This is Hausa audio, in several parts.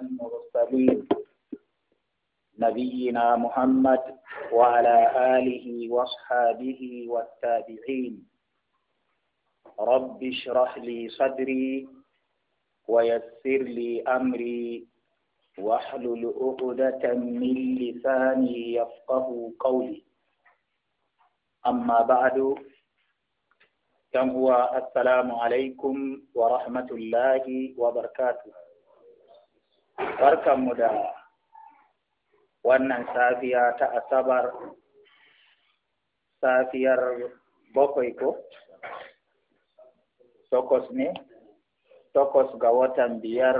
المرسلين نبينا محمد وعلى آله وصحابه والتابعين رب اشرح لي صدري ويسر لي أمري واحلل عقدة من لساني يفقه قولي أما بعد كم هو السلام عليكم ورحمة الله وبركاته barkanmu da wannan safiya ta asabar safiyar bakwai ko takwas ne takwas ga watan biyar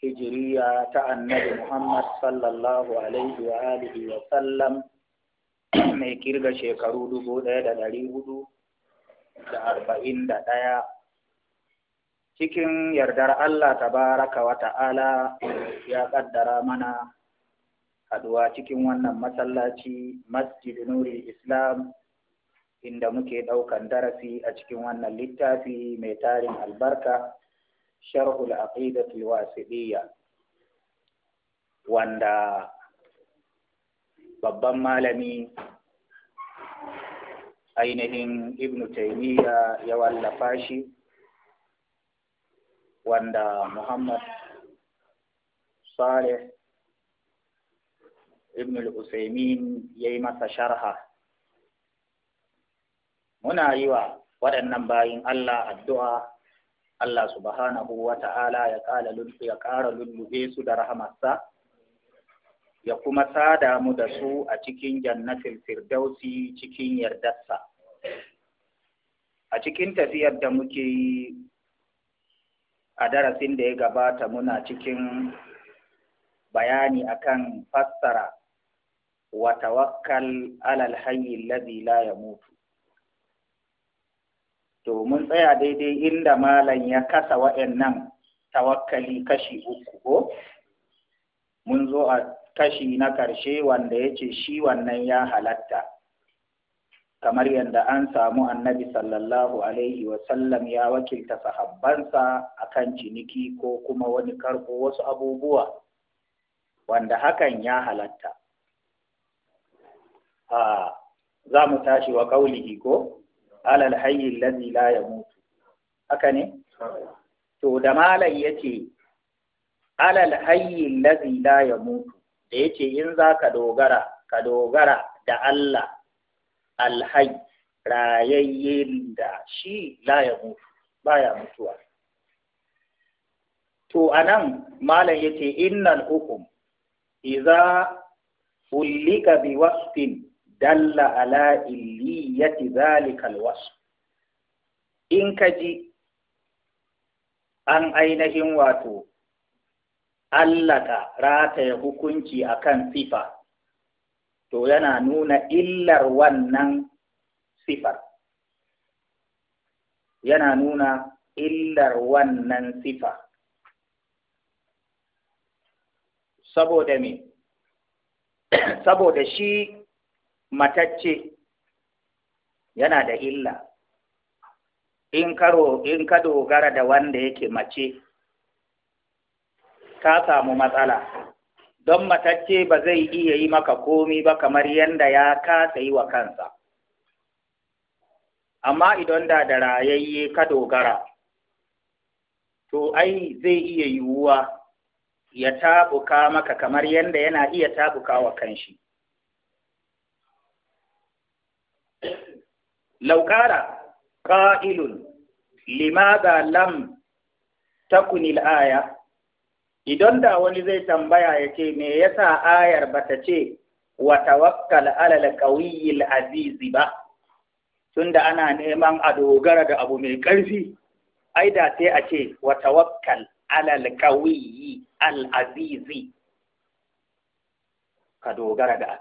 hijiriya ta annabi muhammad sallallahu alaihi wa alihi wa sallam mai kirga shekaru dubu ɗaya da ɗari hudu da arba'in da ɗaya cikin yardar Allah tabaraka wa ta'ala ya ƙaddara mana haduwa cikin wannan masallaci masjid Nuri islam inda muke ɗaukan darasi a cikin wannan littafi mai tarin albarka sharhul aqidatul wasidiyya wanda babban malami ainihin ibnu taymiya ya wallafa shi wanda Muhammad Saleh Ibn al-Usaimin ya yi masa sharha. Muna yi wa waɗannan bayin Allah addu'a, Allah subhanahu wa ta'ala ya ƙara lullube su da rahamarsa, ya kuma sada mu da su a cikin jannatin firdausi cikin yardarsa. A cikin tafiyar da muke yi a darasin da ya gabata muna cikin bayani akan fassara wa tawakkal alal hayyi alladhi la yamutu to mun tsaya daidai inda malam ya kasa wa'annan tawakkali kashi uku ko mun zo a kashi na karshe wanda ya ce shi wannan ya halatta kamar yadda an samu annabi sallallahu alaihi wasallam ya wakilta sahabbansa akan ciniki ko kuma wani karbo wasu abubuwa wanda hakan ya halatta a za mu tashi wa kaulihi ko alal hayyi allazi la yamutu haka ne to da malai yace alal hayyi allazi la mutu da yace in za ka dogara ka dogara da Allah alhai rayayye da shi la ya mutu ya mutuwa to anan malam yace innal hukum idza ulika bi wasfin dalla ala illiyati dhalika alwasf in kaji an ainihin wato allaka rataya hukunci akan sifa to yana nuna illar wannan sifar yana nuna illar wannan sifa saboda me saboda shi matacce yana da illa in karo in ka dogara da wanda yake mace ka samu matsala don matacce ba zai iya yi maka komi ba kamar yadda ya kasa yi wa kansa amma idan da da rayayye ka dogara to ai zai iya yiwuwa ya tabuka maka kamar yadda yana iya tabuka wa kanshi lauƙara ƙa'ilun limaza lam takunil aya idan da wani zai tambaya ya ce me yasa ayar ta ce wa tawakkal alal qawiyyil azizi ba tunda ana neman a dogara da abu mai ƙarfi ai da sai a ce wa tawakkal alal qawiyyi al azizi ka dogara da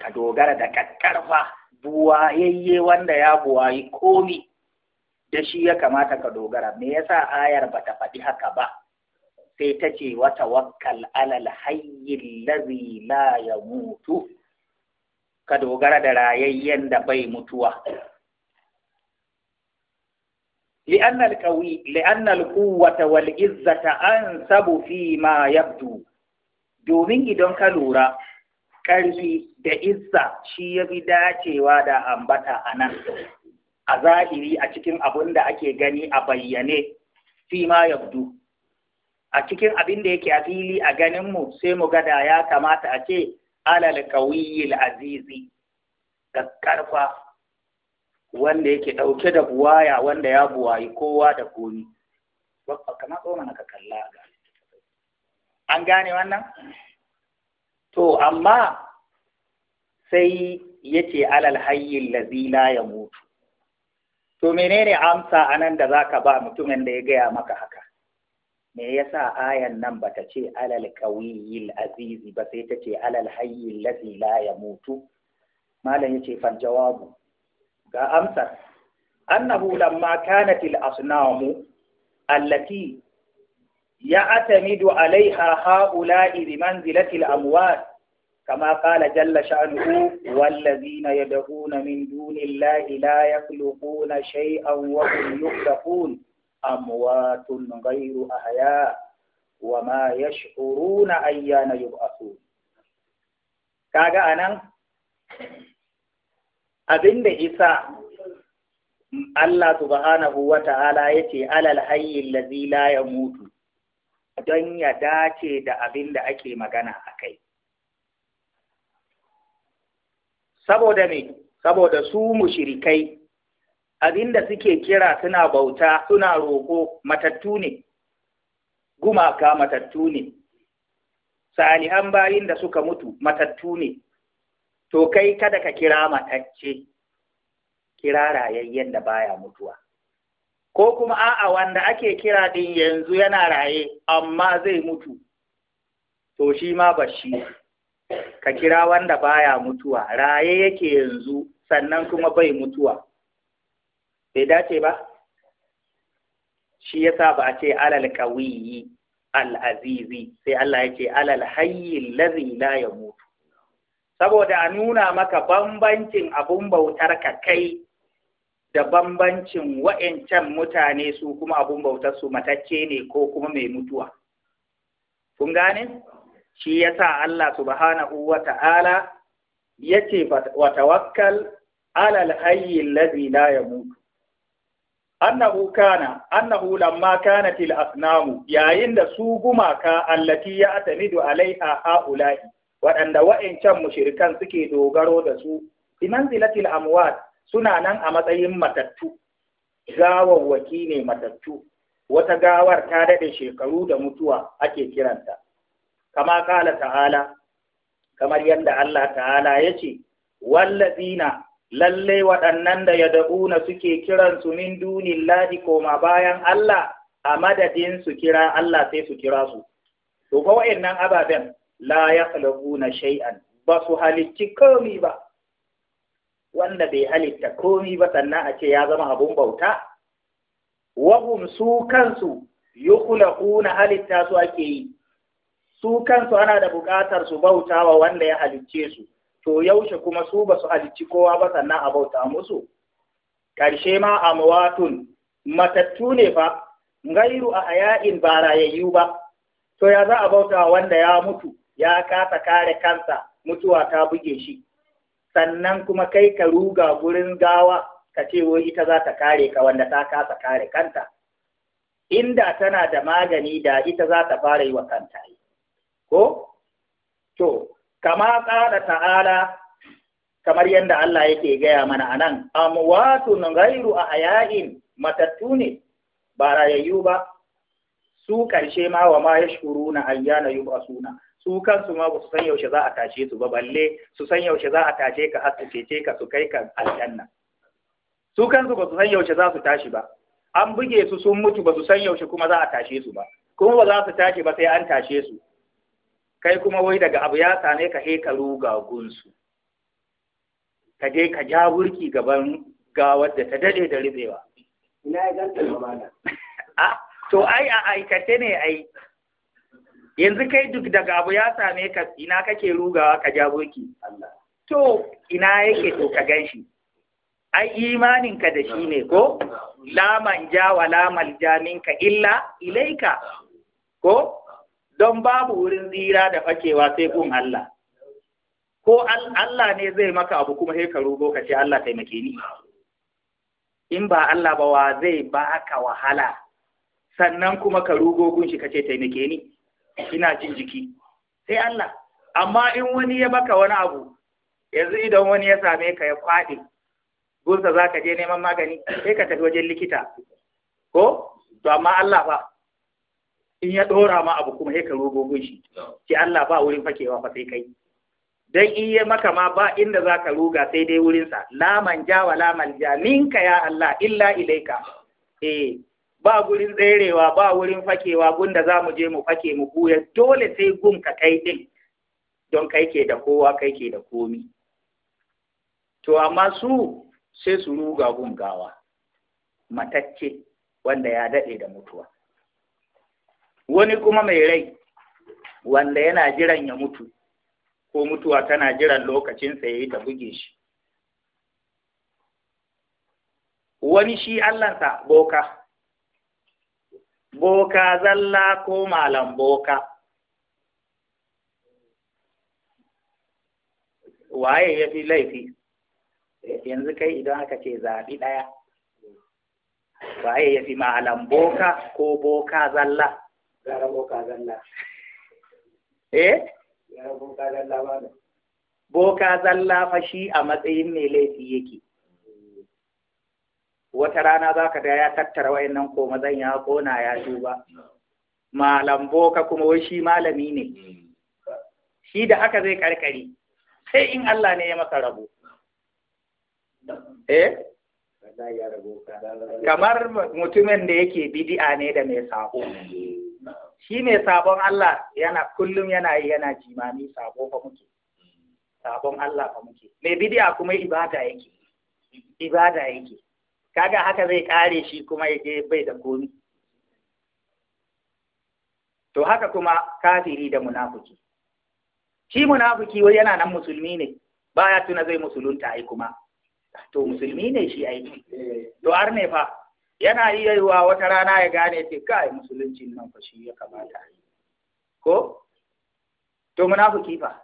ka dogara da kakkarfa buwayayye wanda ya buwayi komi da shi ya kamata ka dogara me yasa ayar ta faɗi haka ba sai ta ce wata tawakkal alal hayyil ladhi la mutu, ka dogara da rayayyen da bai mutuwa لأن القوي لأن القوة والعزة أنسب فيما yabdu domin idon ka lura ƙarfi da izza shi ya fi dacewa da ambata a nan a zahiri a cikin abin da ake gani a bayyane fi yabdu a cikin abin da yake a fili a ganin mu sai mu gada ya kamata a ce alal kawiyil azizi da karfa wanda yake dauke da buwaya wanda ya buwayi kowa da komi kamar tsoma na kalla an gane wannan to amma sai yake alal hayyin Lazila la mutu. to menene amsa anan da zaka ba mutumin da ya gaya maka haka me yasa ayan nan bata ce alal qawiyil azizi ba sai ta ce alal hayyi ladzi la yamutu malam yace fal jawabu ga amsar annahu lamma kanat al asnamu allati ya'tamidu alaiha haula'i bi manzilati al amwat كما قال جل شأنه والذين min من دون الله لا يخلقون شيئا وهم يخلقون amwatun ghairu ahya wa ma yash'uruna ayyana yub'athun kaga anan abinda isa Allah subhanahu wa ta'ala yace alal hayy allazi la yamutu don ya dace da abin da ake magana akai saboda me saboda su mushrikai abinda suke kira suna bauta suna roƙo matattu ne gumaka matattu ne salihan bayin da suka mutu matattu ne to kai kada ka kira matacce kira rayayyen da baya mutuwa ko kuma a'a wanda ake kira din yanzu yana raye amma zai mutu to shi ma bashi ka kira wanda baya mutuwa raye yake yanzu sannan kuma bai mutuwa bai dace ba shi yasa ba a ce alal kawiyi al'azizi, sai Allah ya ce alal hayyi allazi la mutu. saboda a nuna maka bambancin abun bautar ka kai da bambancin wa'ancan mutane su kuma abun bautar su matacce ne ko kuma mai mutuwa kun gane shi yasa Allah subhanahu wa ta'ala ce wa tawakkal alal hayyi allazi ya mutu. annahu kana annahu lamma kanat asnamu yayin da su gumaka allati ya atamidu alaiha haula'i waɗanda wa'ancan mushirikan suke dogaro da su bi amwat suna nan a matsayin matattu gawawwaki ne matattu wata gawar ta daɗe shekaru da mutuwa ake kiranta kama kala ta'ala kamar yadda Allah ta'ala ya ce wallazina lalle waɗannan da ya da'una suke kiransu min dunin ladi koma bayan Allah a madadin su kira Allah sai su kira su. To fa wa'annan ababen la ya na shay'an ba su halitti komi ba. Wanda bai halitta komi ba sannan a ce ya zama abun bauta. Wahum su kansu kuna halitta su ake yi. Su kansu ana da buƙatar su bauta wa wanda ya halicce su. to yaushe kuma su ba su halicci kowa ba sannan a bauta musu ƙarshe ma a mawatun. matattu ne fa gairu a haya'in ba rayayyu ba to ya za a bauta wanda ya mutu ya kasa kare kansa mutuwa ta buge shi sannan kuma kai ka ruga gurin gawa ka ce wai ita za ta kare ka wanda ta kasa kare kanta inda tana da magani da ita za ta fara yi wa kanta ko to kama ƙara ta'ala kamar yadda Allah yake gaya mana a nan, amwatun gairu a hayayin matattu ne ba rayayyu ba, su ƙarshe ma wa ma ya shuru na ayyana yi ba suna, su kansu ma ba su san yaushe za a tashe su ba balle su san yaushe za a tashe ka har su cece ka su kai ka aljanna. Su kansu ba su san yaushe za su tashi ba, an buge su sun mutu ba su san yaushe kuma za a tashe su ba, kuma ba za su tashi ba sai an tashe su. kai kuma wai daga abu ya same ka he ka ruga gunsu ka je ka ja burki gaban gawar da ta dade da rubewa ina ya ganta ba a to ai a aikace ne ai yanzu kai duk daga abu ya same ka ina kake rugawa ka ja burki to ina yake to ka ganshi ai imaninka da shi ne ko la manja wa la illa ilaika ko don babu wurin tsira da fakewa sai kun Allah ko Allah ne zai maka abu kuma sai ka rugo ka ce Allah taimake ni in ba Allah ba wa zai baka wahala sannan kuma ka rugo kun shi ka ce taimake ni ina jin jiki sai Allah amma in wani ya baka wani abu yanzu idan wani ya same ka ya kwaɗe gunsa za ka je neman magani sai ka tafi wajen likita ko to amma Allah ba. in ya ɗora ma abu kuma sai ka gogon shi Ki Allah ba wurin fakewa fa sai kai dan in ya maka ma ba inda za ka ruga sai dai wurinsa laman ja wa laman ja minka ya Allah illa ilaika eh ba gurin tserewa ba wurin fakewa gunda za mu je mu fake mu buya dole sai gun ka kai din don kai ke da kowa kai ke da komi to amma su sai su ruga gun gawa matacce wanda ya daɗe da mutuwa wani kuma mai rai wanda yana jiran ya mutu ko mutuwa tana jiran lokacinsa ya yi ta buge shi wani shi allansa boka boka zalla ko malam boka waye ya fi laifi yanzu kai idan aka ce zaɓi ɗaya waye ya fi malam boka ko boka zalla Eh? Boka zalla fa shi a matsayin mai laifi yake. Wata rana za ka ga ya tattara wayannan ko mazan ya kona ya duba. Malam boka kuma wai shi malami ne. Shi da haka zai karkare. Sai in Allah ne ya masa rabo. Eh? Kamar mutumin da yake bidi'a ne da mai sako. shi ne sabon Allah yana kullum yana yi yana jimami sabo fa muke sabon Allah fa muke mai bidiya kuma ibada yake ibada yake kaga haka zai kare shi kuma yake bai da komi to haka kuma kafiri da munafiki shi munafuki wai yana nan musulmi ne baya tuna zai musulunta ai kuma to musulmi ne shi ai eh. to arne fa yana iya yiwa wata rana ya gane ce kai musulunci nan fa shi ya kamata ko to munafiki fa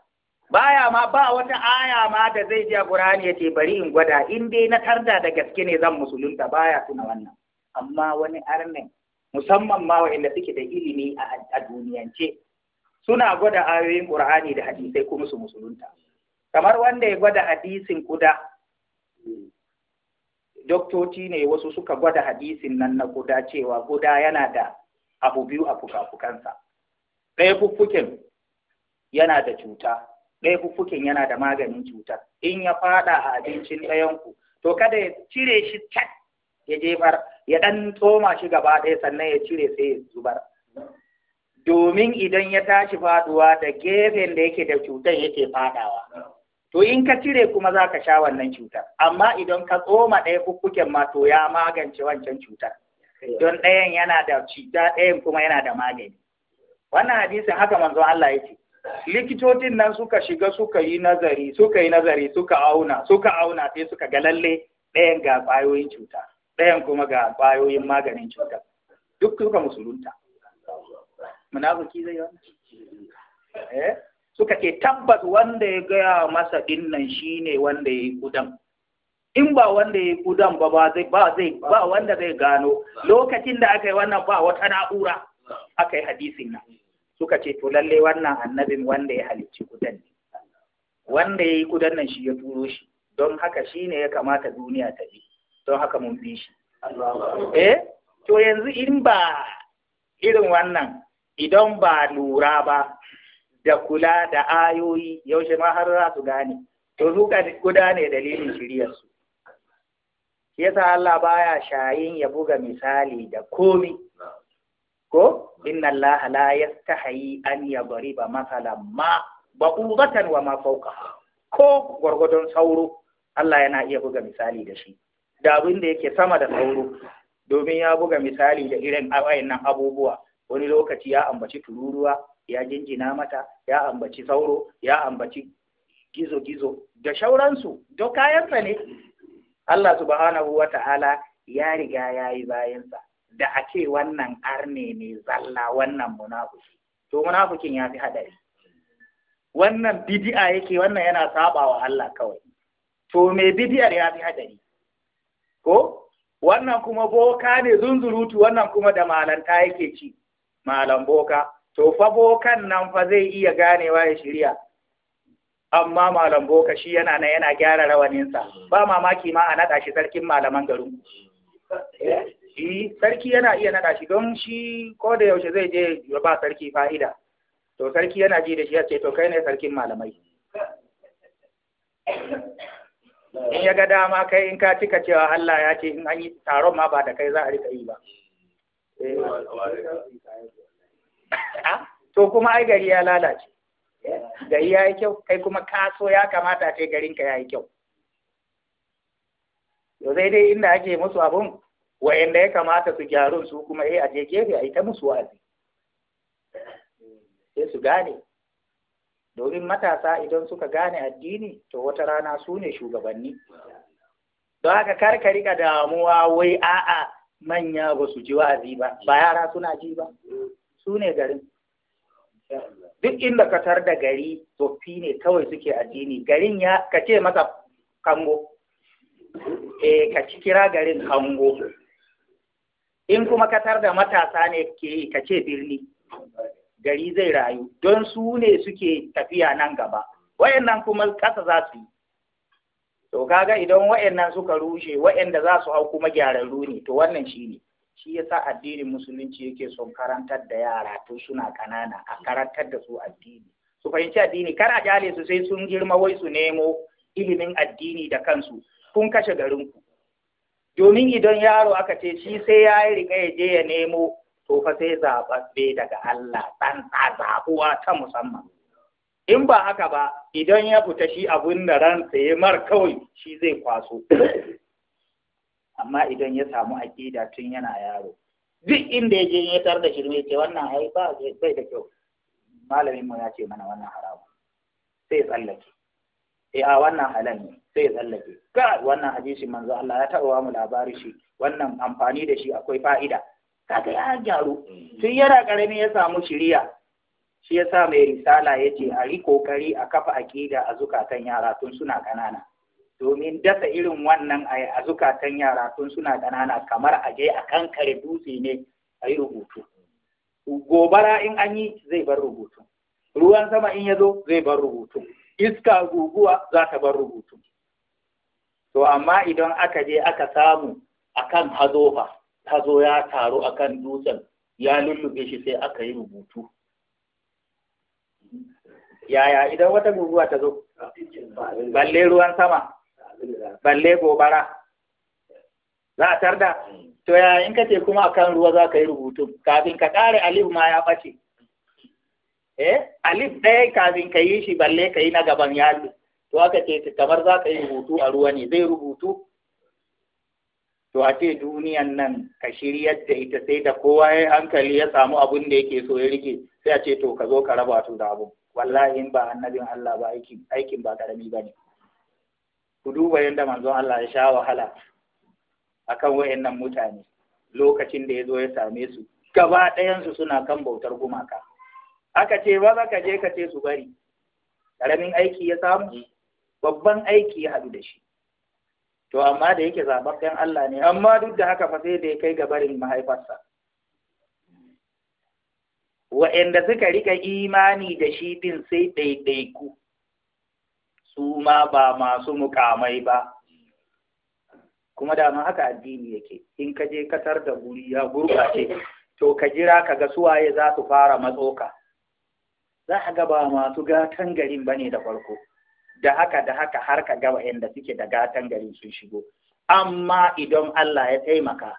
baya ma ba wata aya ma da zai ji a Qur'ani yace bari in gwada in dai na tarda da gaske ne zan musulunta baya tuna wannan amma wani arnin musamman ma wa'inda suke da ilimi a duniyance suna gwada ayoyin Qur'ani da hadisai kuma su musulunta kamar wanda ya gwada hadisin kuda doktoci ne wasu suka gwada hadisin nan na guda cewa guda yana da abu biyu a fuka-fukansa ɗaya fuffuken yana da cuta ɗaya fuffuken yana da maganin cutar in ya faɗa a abincin ɗayanku to kada ya cire shi cat ya jefar ya ɗan tsoma shi gaba ɗaya sannan ya cire sai ya zubar domin idan ya tashi faɗuwa da gefen da yake da cutar yake faɗawa to in ka cire kuma za ka sha wannan cutar amma idan ka tsoma ɗaya kukkuken ma to ya magance wancan cutar don ɗayan yana da cuta ɗayan kuma yana da magani wannan hadisin haka manzon Allah ya ce likitocin nan suka shiga suka yi nazari suka yi nazari suka auna suka auna sai suka ga lalle ɗayan ga ƙwayoyin cuta ɗayan kuma ga ƙwayoyin maganin cuta duk suka musulunta munafiki zai wannan eh suka ce tabbas wanda ya gaya masa dinnan shine wanda ya yi kudan in ba wanda ya yi kudan ba ba zai ba zai ba wanda zai gano lokacin da aka yi wannan ba wata na'ura aka yi hadisin nan suka ce to lalle wannan annabin wanda ya halicci kudan ne wanda ya yi kudan nan shi ya turo shi don haka shine ya kamata duniya ta bi don haka mun bi shi eh to yanzu in ba irin wannan idan ba lura ba da kula da ayoyi yaushe ma har za su gane to su guda ne dalilin su yasa Allah baya shayin ya buga misali da komi ko inna Allah la yastahi an yadriba masalan ma ba'udatan wa ma fawqa ko gwargwadon sauro Allah yana iya buga misali da shi da abin da yake sama da sauro domin ya buga misali da irin wayannan abubuwa wani lokaci ya ambaci tururuwa ya jinjina mata ya ambaci sauro ya ambaci gizo-gizo da shauransu duk kayansa ne Allah subhanahu wa ta'ala ya riga ya yi bayansa da a ce wannan arne ne zalla wannan munafuki to munafukin ya fi hadari wannan bidi'a yake wannan yana sabawa wa Allah kawai to me bidiyar ya fi hadari ko wannan kuma boka ne zunzurutu wannan kuma da malanta yake ci malam boka to fa bokan nan fa zai iya ganewa ya shirya amma malam boka shi yana nan yana gyara rawaninsa ba mamaki ma a naɗa shi sarkin malaman garin eh, shi sarki yana iya naɗa shi don shi ko da yaushe zai je ya ba sarki fa'ida to sarki yana ji da shi ya ce to kai ne sarkin malamai in ya ga dama kai in ka cika cewa Allah ya ce in an yi taron ma ba da kai za a rika yi ba eh. to kuma ai gari ya lalace gari ya yi kyau kai kuma kaso ya kamata ce garinka ya yi kyau yau zai dai inda ake musu abun wayanda ya kamata su gyarun su kuma eh a je gefe a yi ta musu wazi. sai su gane domin matasa idan suka gane addini to wata rana su ne shugabanni don haka ka rika damuwa wai a'a manya ba su ji wa'azi ba ba yara suna ji ba su ne garin duk inda ka tar da gari tsoffi ne kawai suke addini garin ya ka ce masa kango eh ka ci kira garin kango in kuma ka tar da matasa ne ke ka ce birni gari zai rayu don su ne suke tafiya nan gaba wayannan kuma kasa za su yi to kaga idan wayannan suka rushe wayanda za su hau kuma gyararru ne to wannan shi ne. shi yasa addinin musulunci yake son karantar da yara tun suna ƙanana a karantar da su addini su fahimci addini kar a jale su sai sun girma wai su nemo ilimin addini da kansu kun kashe garin ku. domin idan yaro aka ce shi sai ya yi rika ya je ya nemo to fa sai zaɓaɓɓe daga Allah ɗan zaɓuwa ta musamman in ba haka ba idan ya fita shi abun da ransa ya mar kawai shi zai kwaso amma idan ya samu aƙida tun yana yaro duk inda ya je ya tar da shirme ce wannan ai ba bai da kyau malamin mu ya ce mana wannan haramu sai ya tsallake eh a wannan halal ne sai ya tsallake ka wannan hadisi manzo Allah ya taɓa mu labari shi wannan amfani da shi akwai fa'ida kaga ya gyaru tun yana karami ya samu shiriya shi yasa mai risala yace a ri kokari a kafa aƙida a zukatan yara tun suna ƙanana domin dasa irin wannan a zukatan yara tun suna ƙanana kamar a je a kankare dutse ne a yi rubutu gobara in an yi zai bar rubutu ruwan sama in ya zo zai bar rubutu iska guguwa za ta bar rubutu to amma idan aka je aka samu a kan hazo fa hazo ya taru kan dutsen ya lullube shi sai aka yi rubutu yaya idan wata guguwa ta zo balle ruwan sama balle gobara za a tarda hmm. to ya in kace kuma akan ruwa za ka yi rubutu kafin ka kare alif ma ya bace eh alif ɗaya kafin ka yi shi balle ka yi na gaban yalu to aka ce kamar za ka yi rubutu a ruwa ne zai rubutu to a ce duniyan nan ka shirya da ita sai da kowa ya hankali ya samu abin da yake so ya rike sai a ce to ka zo ka raba su da abu wallahi in ba annabin Allah ba aikin ba karami ba ne ku duba yadda manzon Allah ya sha wahala akan wayannan mutane lokacin da ya zo ya same su gaba ɗayansu suna kan bautar gumaka aka ce ba za ka je ka ce su bari ƙaramin aiki ya samu babban aiki ya haɗu da shi to amma da yake zaɓaɓɓen Allah ne amma duk da haka fa sai da ya kai ga barin mahaifarsa wa'anda suka rika imani da shi din sai ɗaiɗaiku su ma ba masu mukamai ba kuma da dama haka addini yake in ka je katar da guri ya gurbace to ka jira ka ga suwaye za su fara matsoka za a ga ba masu gatan garin bane da farko da haka da haka har ka ga waɗanda suke da gatan garin sun shigo amma idan Allah ya taimaka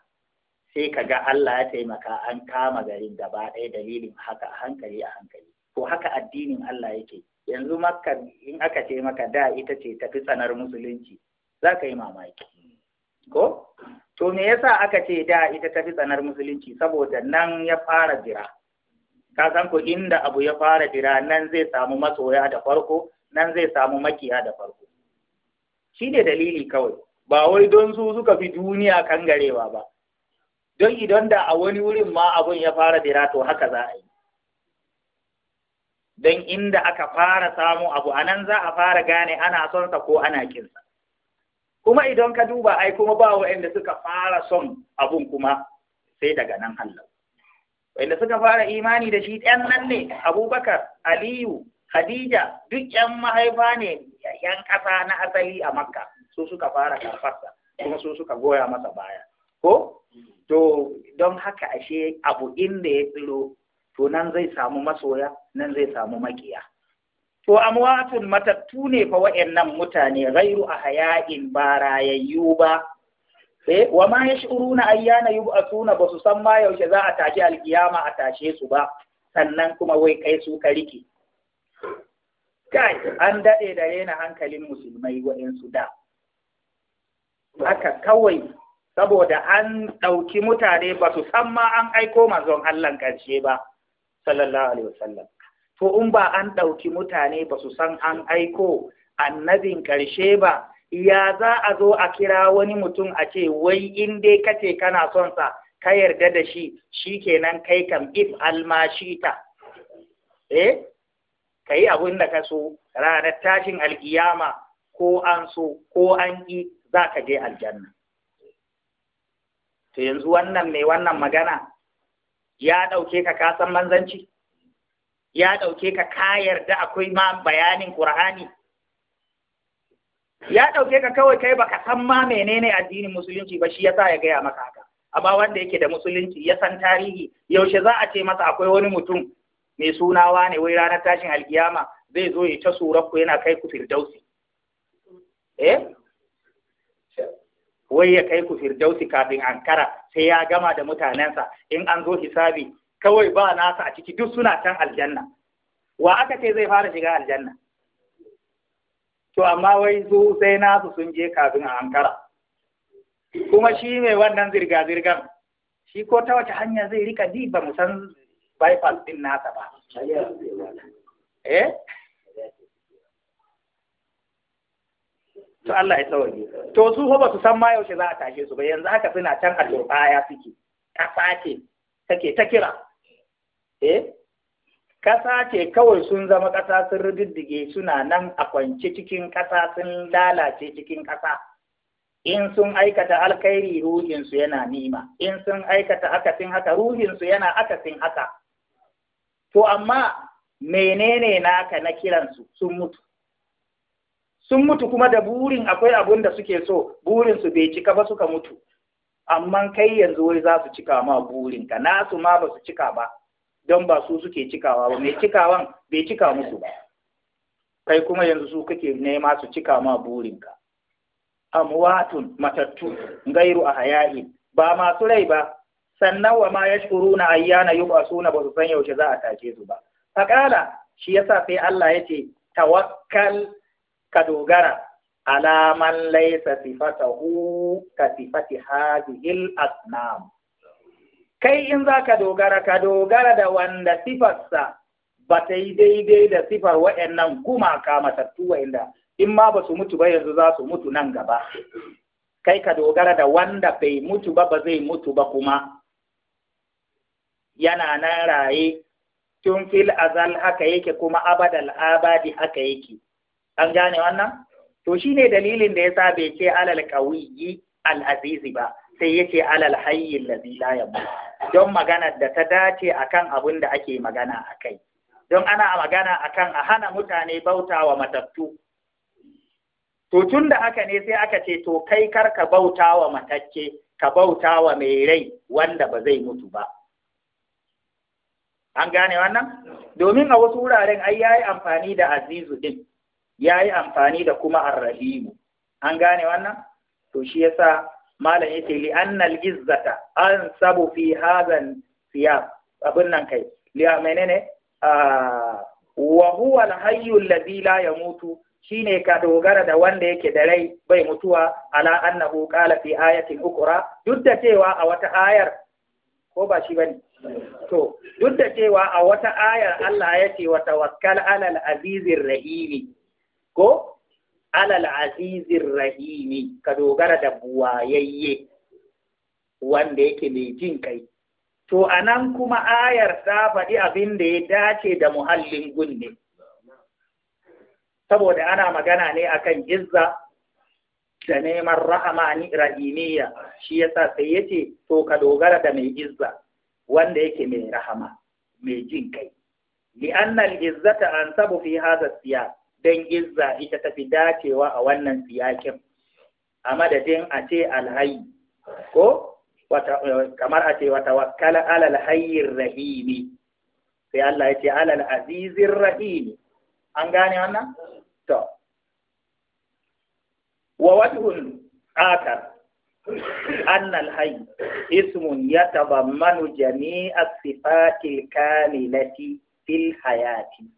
sai ka ga Allah ya taimaka an kama garin gaba ɗaya dalilin haka hankali a hankali to haka addinin Allah yake yanzu makka in aka ce maka da ita ce tafi tsanar musulunci za ka yi mamaki ko to me yasa aka ce da ita tafi tsanar musulunci saboda nan ya fara jira ka san ko inda abu ya fara jira nan zai samu masoya da farko nan zai samu makiya da farko shi ne dalili kawai ba wai don su suka fi duniya kangarewa ba don idan da a wani wurin ma abun ya fara jira to haka za a yi don inda aka fara samu abu a nan za a fara gane ana sonsa ko ana kinsa kuma idan ka duba ai kuma ba wanda suka fara son abun kuma sai daga nan Allah waɗanda suka fara imani da shi ɗan nan ne Abubakar Aliyu Khadija duk ƴan mahaifa ne ƴan ƙasa na asali a Makka su suka fara karfarsa kuma su suka goya masa baya ko to don haka ashe abu inda ya tsiro to nan zai samu masoya nan zai samu makiya to amwatun matattu ne fa wa'annan mutane ghairu ahya'in ba rayayyu ba eh wa ma yash'uruna ayyana ba basu san ma yaushe za a tashi alkiyama a tashe su ba sannan kuma wai kai su ka riki kai an daɗe da rena hankalin musulmai waɗansu da haka kawai saboda an ɗauki mutane ba su san ma an aiko manzon Allah ƙarshe ba sallallahu alaihi wasallam to in ba an ɗauki mutane ba su san an aiko annabin ƙarshe ba ya za a zo a kira wani mutum a ce wai in dai kace kana son sa ka yarda da shi shi kenan kai kam if almashita eh kai abin da ka so ranar tashin alkiyama ko an so ko an ƙi za ka je aljanna to yanzu wannan mai wannan magana ya ɗauke ka kasan manzanci ya ɗauke ka ka yarda akwai ma bayanin ƙur'ani ya ɗauke ka kawai kai baka san ma menene addinin musulunci ba shi ya sa ya gaya maka haka amma wanda yake da musulunci ya san tarihi yaushe za a ce masa akwai wani mutum mai sunawa ne wai ranar tashin alkiyama zai zo ya ta surar yana kai ku firdausi eh wai ya kai ku firdausi kafin ankara sai ya gama da mutanensa in an zo hisabi kawai ba nasa a ciki duk suna can aljanna wa aka ce zai fara shiga aljanna to amma wai su sai nasu sun je kafin a ankara kuma shi mai wannan zirga-zirgan shi ko ta wace hanya zai rika ji ba mu san bypass din nasa ba eh to Allah ya sauke to su ba su san ma yaushe za a tashe su ba yanzu haka suna can a turbaya suke kasa sace take ta kira eh kasa ce kawai sun zama kasa sun riddige suna nan a kwance cikin kasa sun lalace cikin kasa in sun aikata alkhairi ruhinsu yana nima in sun aikata akasin haka ruhinsu yana akasin haka to amma menene naka na kiransu sun mutu sun mutu kuma da burin akwai abun da suke so burin su bai cika ba suka mutu amma kai yanzu wai za su cika ma burin ka nasu ma ba su cika ba don ba su suke cikawa ba mai cikawan bai cika musu ba kai kuma yanzu su kake nema su cika ma burin ka amwatun matattu gairu a hayahi ba masu rai ba sannan wa ma yashkuruna ayyana yub'asuna ba su san yaushe za a tace su ba faqala shi yasa sai Allah yace tawakkal ka dogara alaman laisa sifatahu ka sifati hadhihi asnam kai in za ka dogara ka dogara da wanda sifarsa ba ta yi daidai da sifar waɗannan gumaka matattu wa'inda in ma ba su mutu ba yanzu za su mutu nan gaba kai ka dogara da wanda bai mutu ba ba zai mutu ba kuma yana nan raye tun fil azal haka yake kuma abadal abadi haka yake an gane wannan to shine dalilin da yasa bai ce alal qawiyyi al azizi ba sai yace alal hayyi allazi la yamut don magana da ta dace akan abin da ake magana akai don ana magana akan a hana mutane bautawa matattu to tun da haka ne sai aka ce to kai kar ka bautawa matacce ka bautawa mai rai wanda ba zai mutu ba an gane wannan domin a wasu wuraren ai yayi amfani da azizu din ya yi amfani da kuma arrahimu an gane wannan to shi yasa malam yake li annal izzata an sabu fi hazan siyab abin nan kai li menene wa huwa al-hayyu alladhi la yamutu shine ka dogara da wanda yake da rai bai mutuwa ala annahu qala fi ayatin ukra duk da cewa a wata ayar ko ba shi bane to duk da cewa a wata ayar Allah ya ce wa tawakkal alal azizir rahimi ko alal azizir rahimi ka dogara da buwayayye wanda yake mai jin kai to anan kuma ayar ta faɗi abin da ya dace da muhallin gunne saboda ana magana ne akan izza da neman rahamani rahimiyya shi yasa sai yace to ka dogara da mai izza wanda yake mai rahama mai jin kai li'anna al-izzata ansabu fi hadha don izza ita ta fi dacewa a wannan siyakin a madadin a ce alhayi ko kamar a ce wata wakala alal hayyin rahimi sai Allah ya ce alal azizin rahimi an gane wannan to wa wajhun akar ismun ya taba manu jami'a sifatil kamilati fil hayati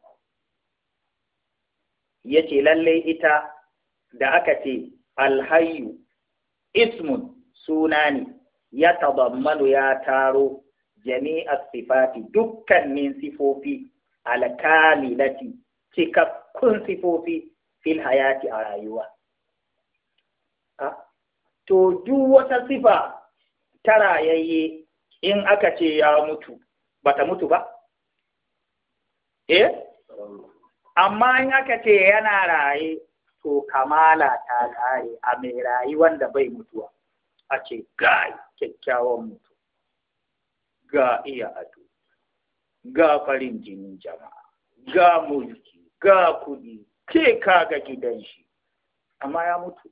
ya ce lallai ita da aka ce alhayu ismun suna ne ya tabammalu ya taro jami'a sifati dukkanin sifofi Lati, cikakkun sifofi fil hayati a rayuwa to duk wata sifa ta rayayye in aka ce ya mutu bata mutu ba eh amma in aka ce yana raye to kamala ta kare a mai rayu wanda bai mutuwa a ce ga kyakkyawan mutu ga iya ado ga farin jinin jama'a ga mulki ga kudi, ke kaga gidan shi amma ya mutu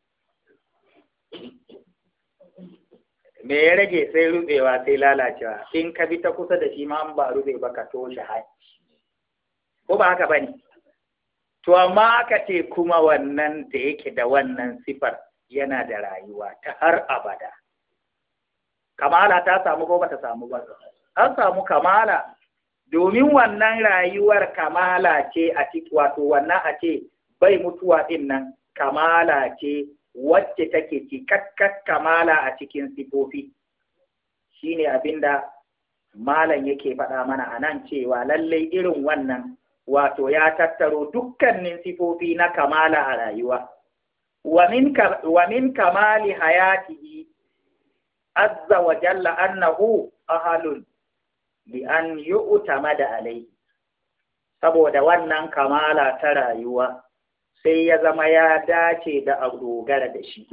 me ya rage sai rubewa sai lalacewa in ka bi ta kusa da shi ma an ba rube ba ka toshe hanci ko ba haka bane to amma aka ce kuma wannan da yake da wannan sifar yana da rayuwa ta har abada kamala ta samu ko bata samu ba an samu kamala domin wannan rayuwar kamala ce a cikin wato wannan a ce bai mutuwa din nan kamala ce wacce take cikakkar kamala a cikin sifofi abin da malam yake faɗa mana a nan cewa lallai irin wannan wato ya tattaro dukkanin sifofi na kamala a rayuwa wa min kamali hayati yi, azza wa jalla annahu ahalun bi an da alai. saboda wannan kamala ta rayuwa sai ya zama ya dace da a dogara da shi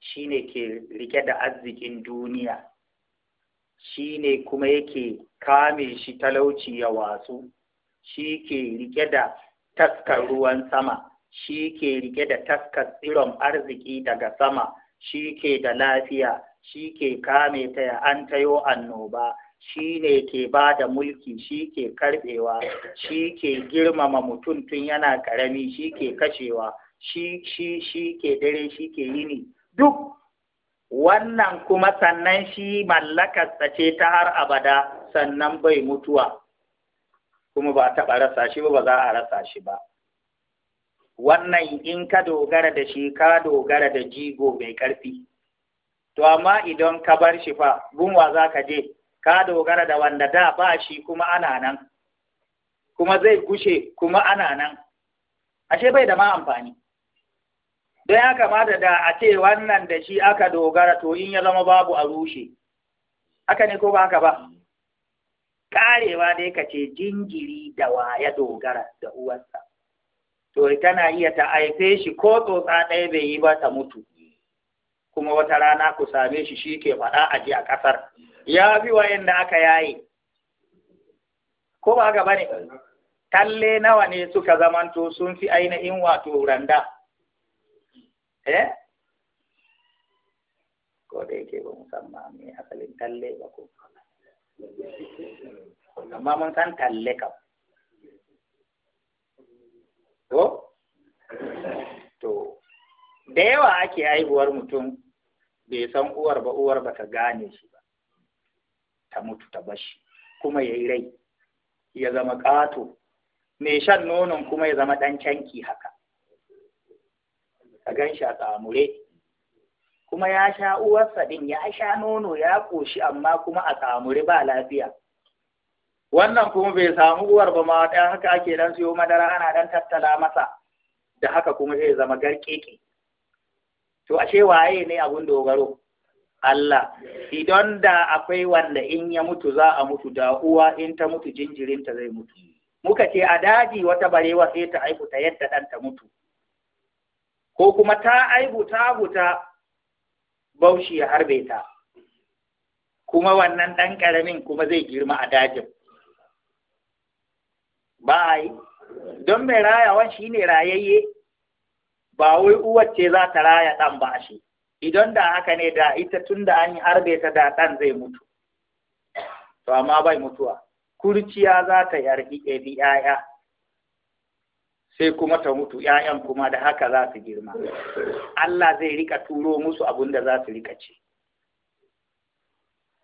Shi ne ke rike da arzikin duniya shi ne kuma yake kame shi talauci ya watsu shi ke rike da taskar ruwan sama shi ke rike da taskar tsiron arziki daga sama shi ke da lafiya shi ke kame ta ya an tayo annoba shi ne ke ba da mulki shi ke karbewa shi ke girmama mutum tun yana karami shi ke kashewa shi shi shi ke dare shi ke yini duk wannan kuma sannan shi mallakarsa ce ta har abada sannan bai mutuwa kuma ba taɓa rasa shi ba ba za a rasa shi ba wannan in ka dogara da shi ka dogara da jigo mai ƙarfi to amma idan ka bar shi fa gunwa za ka je ka dogara da wanda da ba shi kuma ana nan kuma zai gushe kuma ana nan ashe bai da ma amfani don ya kamata da a ce wannan da shi aka dogara to in ya zama babu a rushe haka ne ko ba haka ba karewa dai ka ce jingiri da wa ya dogara da uwarsa to tana iya ta haife shi ko tsotsa ɗaya bai yi ba ta mutu kuma wata rana ku same shi shi ke faɗa a ji a ƙasar ya fi wa'inda aka yaye ko ba haka ba ne talle nawa ne suka zamanto sun fi ainihin wato randa eh ko da ke ba mu san ma asalin talle ba ko amma mun san talle kam to to da yawa ake haihuwar mutum bai san uwar ba uwar ba ta gane shi ba ta mutu ta bashi kuma ya yi rai ya zama ƙato mai shan nonon kuma ya zama ɗan canki haka ka gan shi a tsamure kuma ya sha uwarsa din ya sha nono ya ƙoshi amma kuma a tsamure ba lafiya wannan kuma bai samu uwar ba ma dan haka ake dan siyo madara ana dan tattala masa da haka kuma zai zama garkeke to ashe waye ne abun dogaro Allah idan da akwai wanda in ya mutu za a mutu da uwa in ta mutu jinjirinta zai mutu muka ce a daji wata barewa sai ta aikuta yadda ɗan ta mutu ko kuma ta ta huta baushi ya harbe ta kuma wannan ɗan ƙaramin kuma zai girma a dajin ba a yi don mai rayawan shi ne rayayye ba wai uwar za ta raya ɗan ba shi idan da haka ne da ita tun da an yi harbe ta da ɗan zai mutu to amma bai mutuwa kurciya za ta yarfi ɗaya ‘ya'ya sai kuma ta mutu ‘ya'yan kuma da haka za su girma Allah zai rika turo musu abin da za su rika ci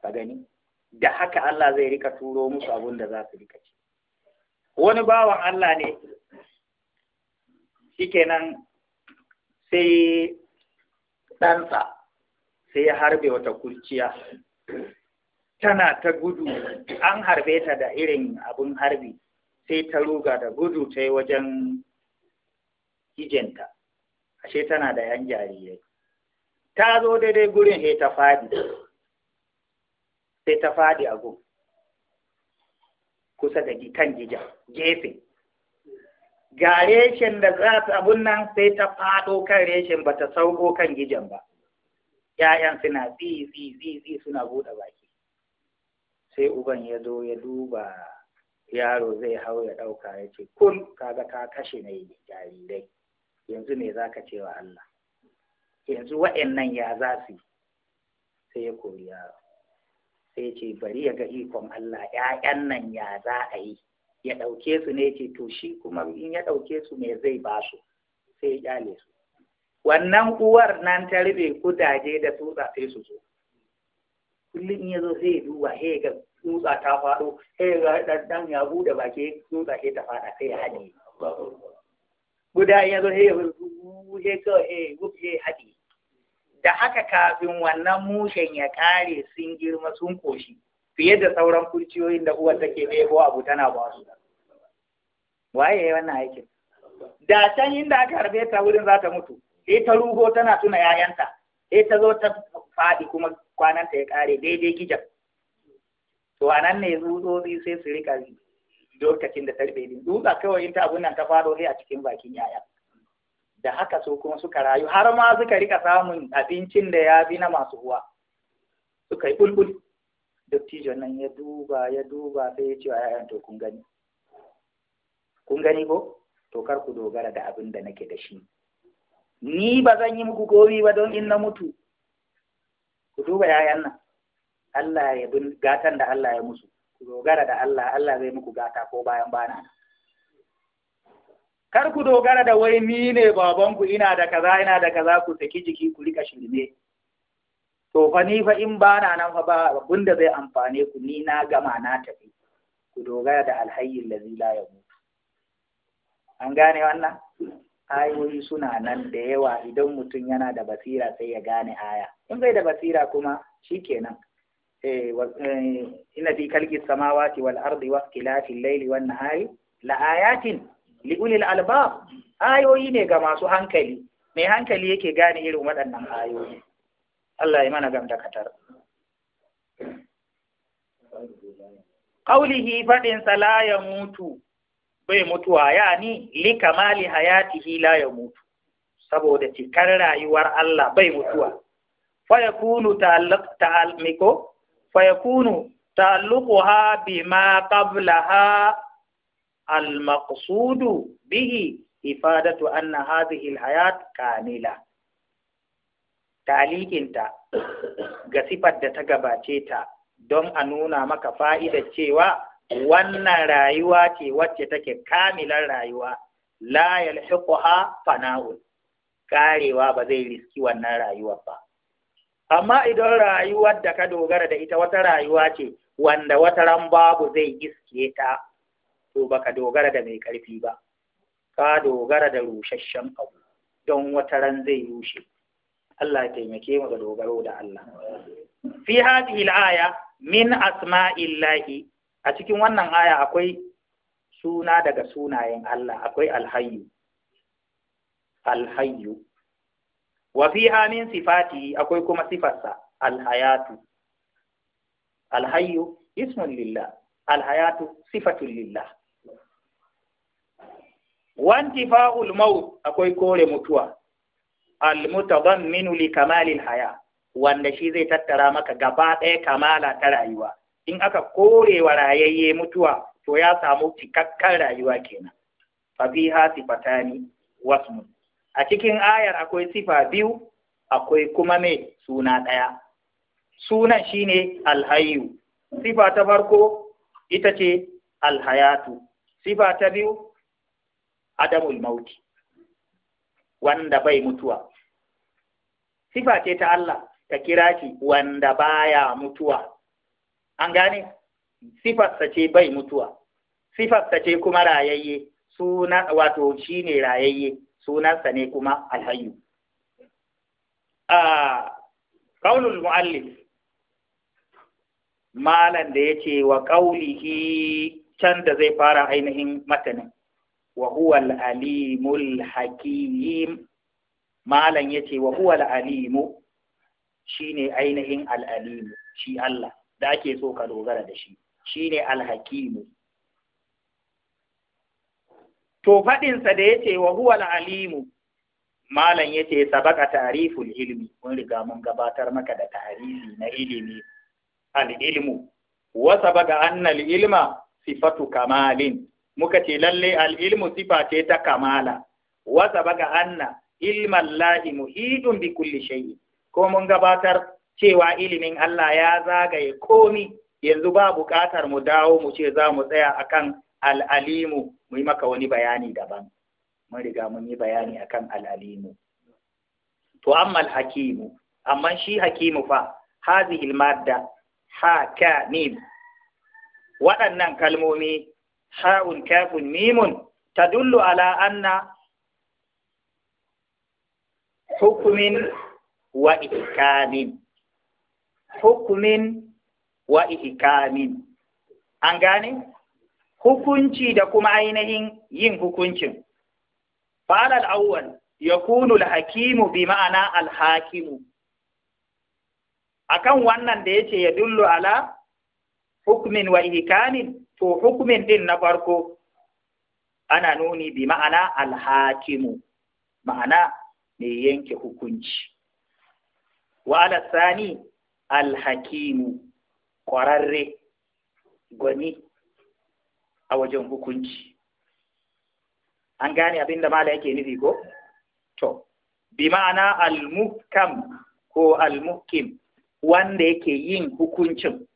ka gani da haka Allah zai rika turo musu abin da za su rika ci wani bawan Allah ne kenan sai ɗansa sai ya harbe wata kurciya tana ta gudu an harbe ta da irin abin harbi sai ta ruga da gudu ta yi wajen ijinta ashe tana da yan jarirai ta zo daidai gurin sai ta fadi sai ta fadi a gun kusa da kan gija gefe ga reshen da za ta abun nan sai ta fado kan reshen ba ta sauko kan gijan ba ‘ya'yan suna zizi zi zi zi suna buɗe baki sai uban ya zo ya duba yaro zai hau ya ɗauka ya ce kun kaga ka kashe na jarirai yanzu me za ka ce wa Allah yanzu wa'annan ya za su sai ya kori yaro sai ya ce bari ya ga ikon Allah ‘ya'yan nan ya za a yi ya ɗauke su ne ce to shi kuma in ya ɗauke su me zai ba su sai ya ƙyale su wannan uwar nan ta rube kudaje da tsutsa sai su zo kullum ya zo sai ya duba sai tsutsa ta faɗo sai ga ɗanɗan ya buɗe baki tsutsa sai ta faɗa sai ya haɗe guda in yazo sai ya bushe kawai eh bushe haɗe da haka kafin wannan mushen ya ƙare sun girma sun koshi fiye da sauran kurciyoyin da uwar take ko abu tana ba su waye ya wannan aikin da can inda aka harbe ta wurin za ta mutu sai ta ruho tana tuna 'ya'yanta sai ta zo ta faɗi kuma kwananta ya ƙare daidai gijar. to a nan ne tsutsotsi sai su rika lokacin da tarbe din dutsa kawai in ta abun nan ta faro sai a cikin bakin yaya da haka su kuma suka rayu har ma suka rika samun abincin da ya bi na masu huwa suka yi bulbul dattijo nan ya duba ya duba sai ya ce wa yayan to kun gani kun gani ko to kar ku dogara da abin da nake da shi ni ba zan yi muku gobe ba don in na mutu ku duba yayan nan Allah ya bin gatan da Allah ya musu ku dogara da Allah Allah zai muku gata ko bayan bana kar ku dogara da wai ni ne babanku ina da kaza ina da kaza ku saki jiki ku rika shirme to fa ni fa in bana nan fa ba abin da zai amfane ku ni na gama na tafi ku dogara da alhayyin lazi la mutu. an gane wannan ayoyi suna nan da yawa idan mutum yana da basira sai ya gane aya in bai da basira kuma shi shikenan Eh, eh, inna fi kalki samawati wal ardi wa ikhtilafil layli wan nahari la ayatin li ulil albab ayoyi ne ga masu hankali mai hankali yake gane irin waɗannan ayoyi Allah ya mana gamda katar qaulihi fadin sala ya mutu bai mutuwa yani li kamali hayatihi la ya mutu saboda cikar rayuwar Allah bai mutuwa fa yakunu ta'alluq ta'almiko fa yakunu ta'alluquha bima qablaha al-maqsudu bihi ifadatu anna hadhihi hayat kamila talikinta ga sifar da ta gabace ta don a nuna maka fa'idar cewa wannan rayuwa ce wacce take kamilan rayuwa la ha fana'un karewa ba zai riski wannan rayuwar ba amma idan rayuwar da ka dogara da ita wata rayuwa ce wanda wata ran babu zai iske ta to baka dogara da mai karfi ba ka dogara da rusasshen abu don wata ran zai rushe Allah ya taimake mu da dogaro da Allah fi hadhihi al-aya min asma'illahi a cikin wannan aya akwai suna daga sunayen Allah akwai alhayyu alhayyu wa min sifati akwai kuma sifarsa alhayatu alhayyu ismun lillah alhayatu sifatun lillah fa'ul maut akwai kore mutuwa almutadamminu li kamalil haya wanda shi zai tattara maka gaba ɗaya kamala ta rayuwa in aka kore wa rayayye mutuwa to ya samu cikakken rayuwa kenan fa fiha sifatani wasmun a cikin ayar akwai sifa biyu akwai kuma me suna ɗaya sunan shine alhayu sifa ta farko ita ce alhayatu sifa ta biyu adamul mauti wanda bai mutuwa sifa ce ta Allah ta kira shi wanda baya mutuwa an gane sifarsa ce bai mutuwa sifarsa ce kuma rayayye suna wato shine rayayye sunansa ne kuma alhayu a ƙaunin muallif malan da ya ce wa qaulihi can da zai fara ainihin matanin wa huwal alimul hakim malan ce wa huwal alimu alimu shine ainihin Al'alimu, shi Allah da ake so ka dogara da shi shine al-hakimu to faɗinsa da ya ce wa huwa alimu malam ya ce sabaka tariful ilmi mun riga mun gabatar maka da tarihi na ilimi al ilmu wa sabaka anna al ilma sifatu kamalin muka ce lalle al ilmu sifa ce ta kamala wa sabaka anna ilma Allahi muhidun bi kulli shay'in ko mun gabatar cewa ilimin Allah ya zagaye komi yanzu ba buƙatar mu dawo mu ce za mu tsaya akan al'alimu mu yi maka wani bayani daban mun riga mun yi bayani akan al'alimu to amma al-hakimu amma shi hakimu fa hadhihi al-madda ha ka mim waɗannan kalmomi ha'un kafun mimun tadullu ala anna hukumin wa ihkamin hukumin wa ihkamin an gane hukunci da kuma ainihin yin hukuncin. Falal awwal yakunu al-hakimu bi ma'ana alhakimu. hakimu Akan wannan da yace ya dullu ala hukmin wa ihkani to hukmin din na farko ana nuni bi ma'ana alhakimu ma'ana mai yanke hukunci. Wa ala sani alhakimu ƙwararre gwani a wajen hukunci an gane abin da mala yake nufi ko to bi ma'ana al mukam ko al mukim wanda yake yin hukuncin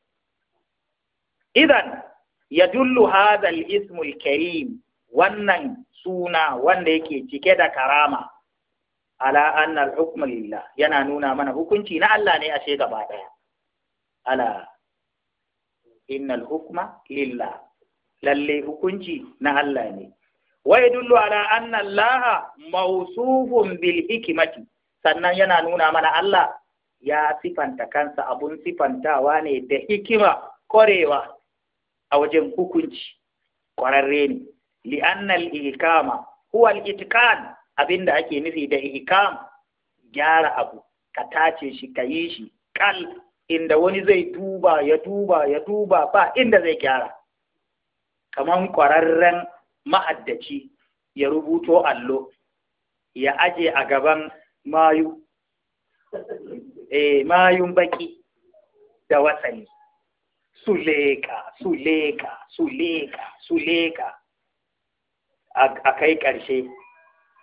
idan ya dullu hadal ismul karim wannan suna wanda yake cike da karama ala annal al yana nuna mana hukunci na Allah ne ashe gaba daya ala innal hukma lillah lalle hukunci na Allah ne wa yadullu ala anna Allah mausufun bil hikimati sannan yana nuna mana Allah ya sifanta kansa abun sifantawa ne da hikima korewa a wajen hukunci kwararre ne li annan ikama huwa al-itqan abinda ake nufi da ikam gyara abu ka tace shi ka yi shi kal inda wani zai duba ya duba ya duba ba inda zai gyara kaman ƙwararren ma'addaci ya rubuto allo ya aje a gaban mayu eh mayun baki da watsani suleka suleka suleka suleka a kai ƙarshe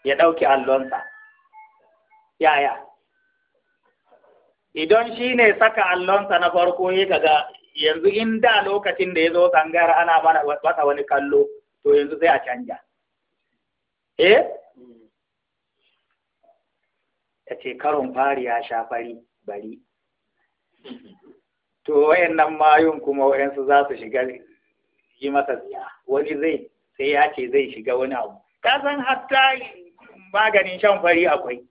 ya ɗauki allonsa yaya idan shi ne saka allonsa na farko ya ga yanzu in da lokacin da ya zo tsangayar ana mana masa wani kallo to yanzu sai a canja eh ta ce karon fari ya sha fari bari to wayannan mayun kuma su za su shiga yi masa ziya wani zai sai ya ce zai shiga wani abu ka san hatta maganin shan fari akwai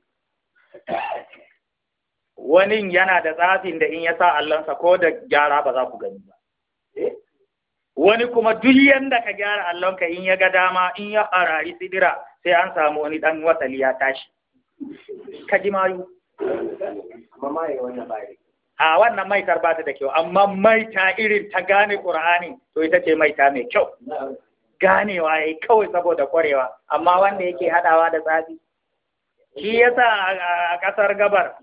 wani yana da tsafin da in ya sa allansa ko da gyara ba za ku gani ba eh? wani kuma duk yanda ka gyara allonka in ya ga dama in ya harari sidira sai an samu wani dan wasali ya tashi ka ji mayu a wannan maitar ba ta da kyau amma maita irin ta gane ƙur'ani, to ita ce maita mai kyau ganewa ya yi kawai saboda ƙwarewa. amma wanda yake haɗawa da tsafi shi yasa a ƙasar gabar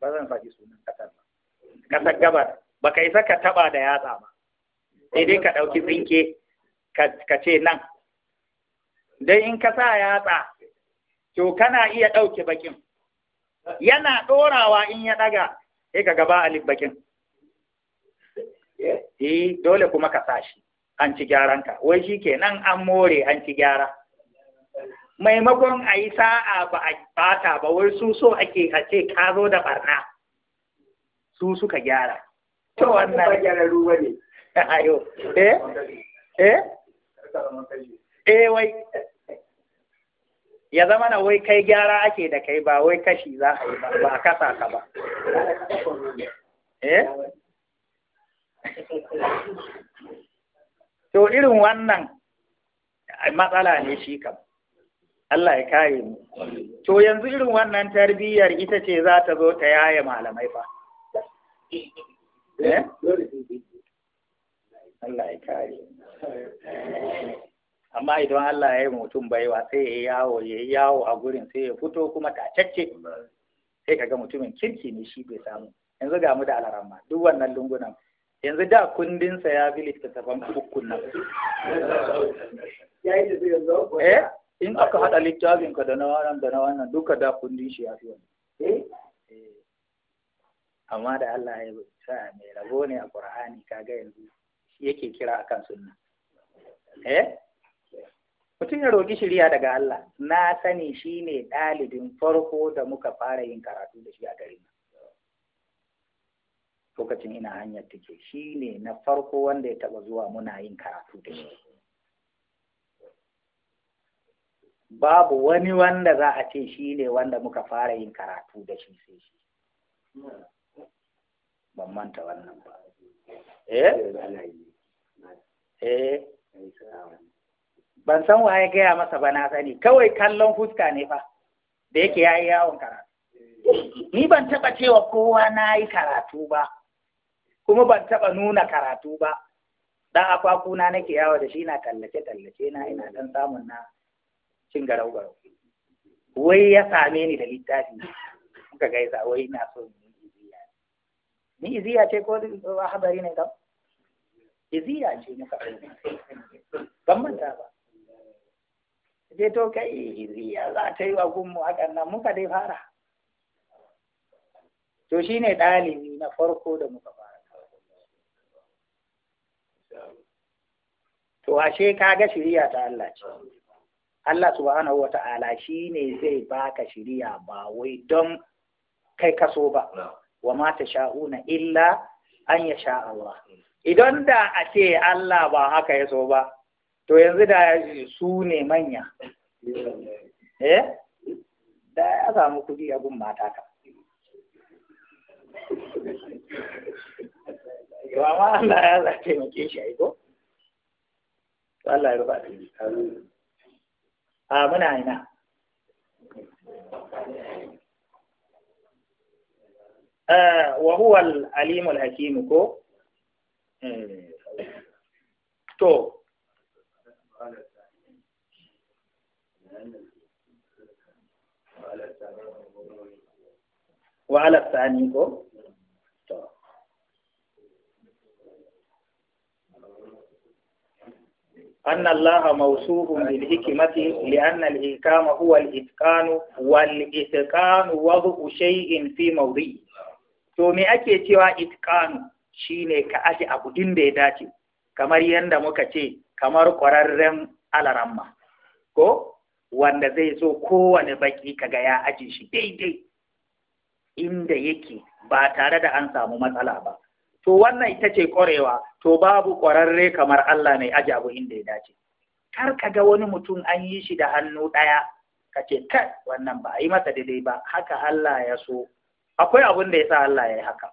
ba zan faɗi sunan ƙasar ba ƙasar gabar ba ka isa ka taɓa da yatsa ba sai dai ka ɗauki tsinke ka ce nan dai in ka sa yatsa to kana iya ɗauke bakin yana ɗorawa in ya ɗaga sai ka gaba alif bakin eh dole kuma ka sa shi an ci gyaran ka wai shi kenan an more an ci gyara maimakon a yi sa'a ba a bata ba wai su so ake a ce ka zo da barna su suka gyara to wannan ba gyara ruwa ne ayo eh eh eh wai ya zama na wai kai gyara ake da kai ba wai kashi za a yi ba ba a kasa ka ba eh to irin wannan matsala ne shi kam Allah ya kare mu to yanzu irin wannan tarbiyyar ita ce za ta zo ta yaya malamai fa eh? Allah ya kare amma idan Allah ya yi mutum baiwa sai ya yawo ya yawo a gurin sai ya fito kuma tacacce sai kaga mutumin kirki ne shi bai samu yanzu ga mu da alarama duk wannan lungunan yanzu da kundinsa ya bi littattafan hukun nan eh in aka haɗa littafin ka da na wannan da na wannan duka da kundin shi ya fi wani eh? eh. amma da Allah ya sa mai rabo ne a Qur'ani kaga yanzu yake kira akan sunna eh mutum ya roƙi shiriya daga Allah na sani shine ne ɗalibin farko da muka fara yin karatu da shi a garin lokacin ina hanyar take shi ne na farko wanda ya taɓa zuwa muna yin karatu da shi babu wani wanda za a ce shi ne wanda muka fara yin karatu da shi sai shi ban manta wannan ba eh eh ban san waye gaya masa ba na sani kawai kallon fuska ne fa da yake yayi yawon karatu ni ban taba cewa kowa na yi karatu ba kuma ban taba nuna karatu ba dan akwakuna nake yawo da shi na tallace tallace na ina dan samun na cin garau garau wai ya same ni da littafi muka gaisa wai na so ni iziya ni iziya ce ko habari ne kam iziya ce muka ban manta ba je to kai iziya za ta yi wa gunmu hakan nan muka dai fara to shine ɗalibi na farko da muka fara To ashe kaga shiriya ta Allah ce. Allah subhanahu wata'ala shi ne zai baka shiriya ba wai don kai kaso ba wa ma ta sha'una illa an ya sha'awa. idan da a ce Allah ba haka ya so ba to yanzu da su ne manya eh da ya samu kudi a gun mata ka yawa ma Allah ya za taimake shi aiko Allah ya rufa yi. آمن آئنا وهو العليم الحكيم كو تو وعلى الثاني كو أن الله موصوف بالحكمة لأن الإحكام هو الإتقان والإتقان وضع شيء في موضعه to me ake cewa itqanu shine ka aje abu da ya dace kamar yanda muka ce kamar ƙwararren alaramma ko wanda zai so kowane baki kaga ya aje shi daidai inda yake ba tare da an samu matsala ba to wannan ita ce ƙwarewa to babu ƙwararre kamar Allah mai aji abu inda ya dace kar ka ga wani mutum an yi shi da hannu ɗaya ka ce kai wannan ba a yi masa daidai ba haka Allah ya so akwai abin da ya sa Allah ya yi haka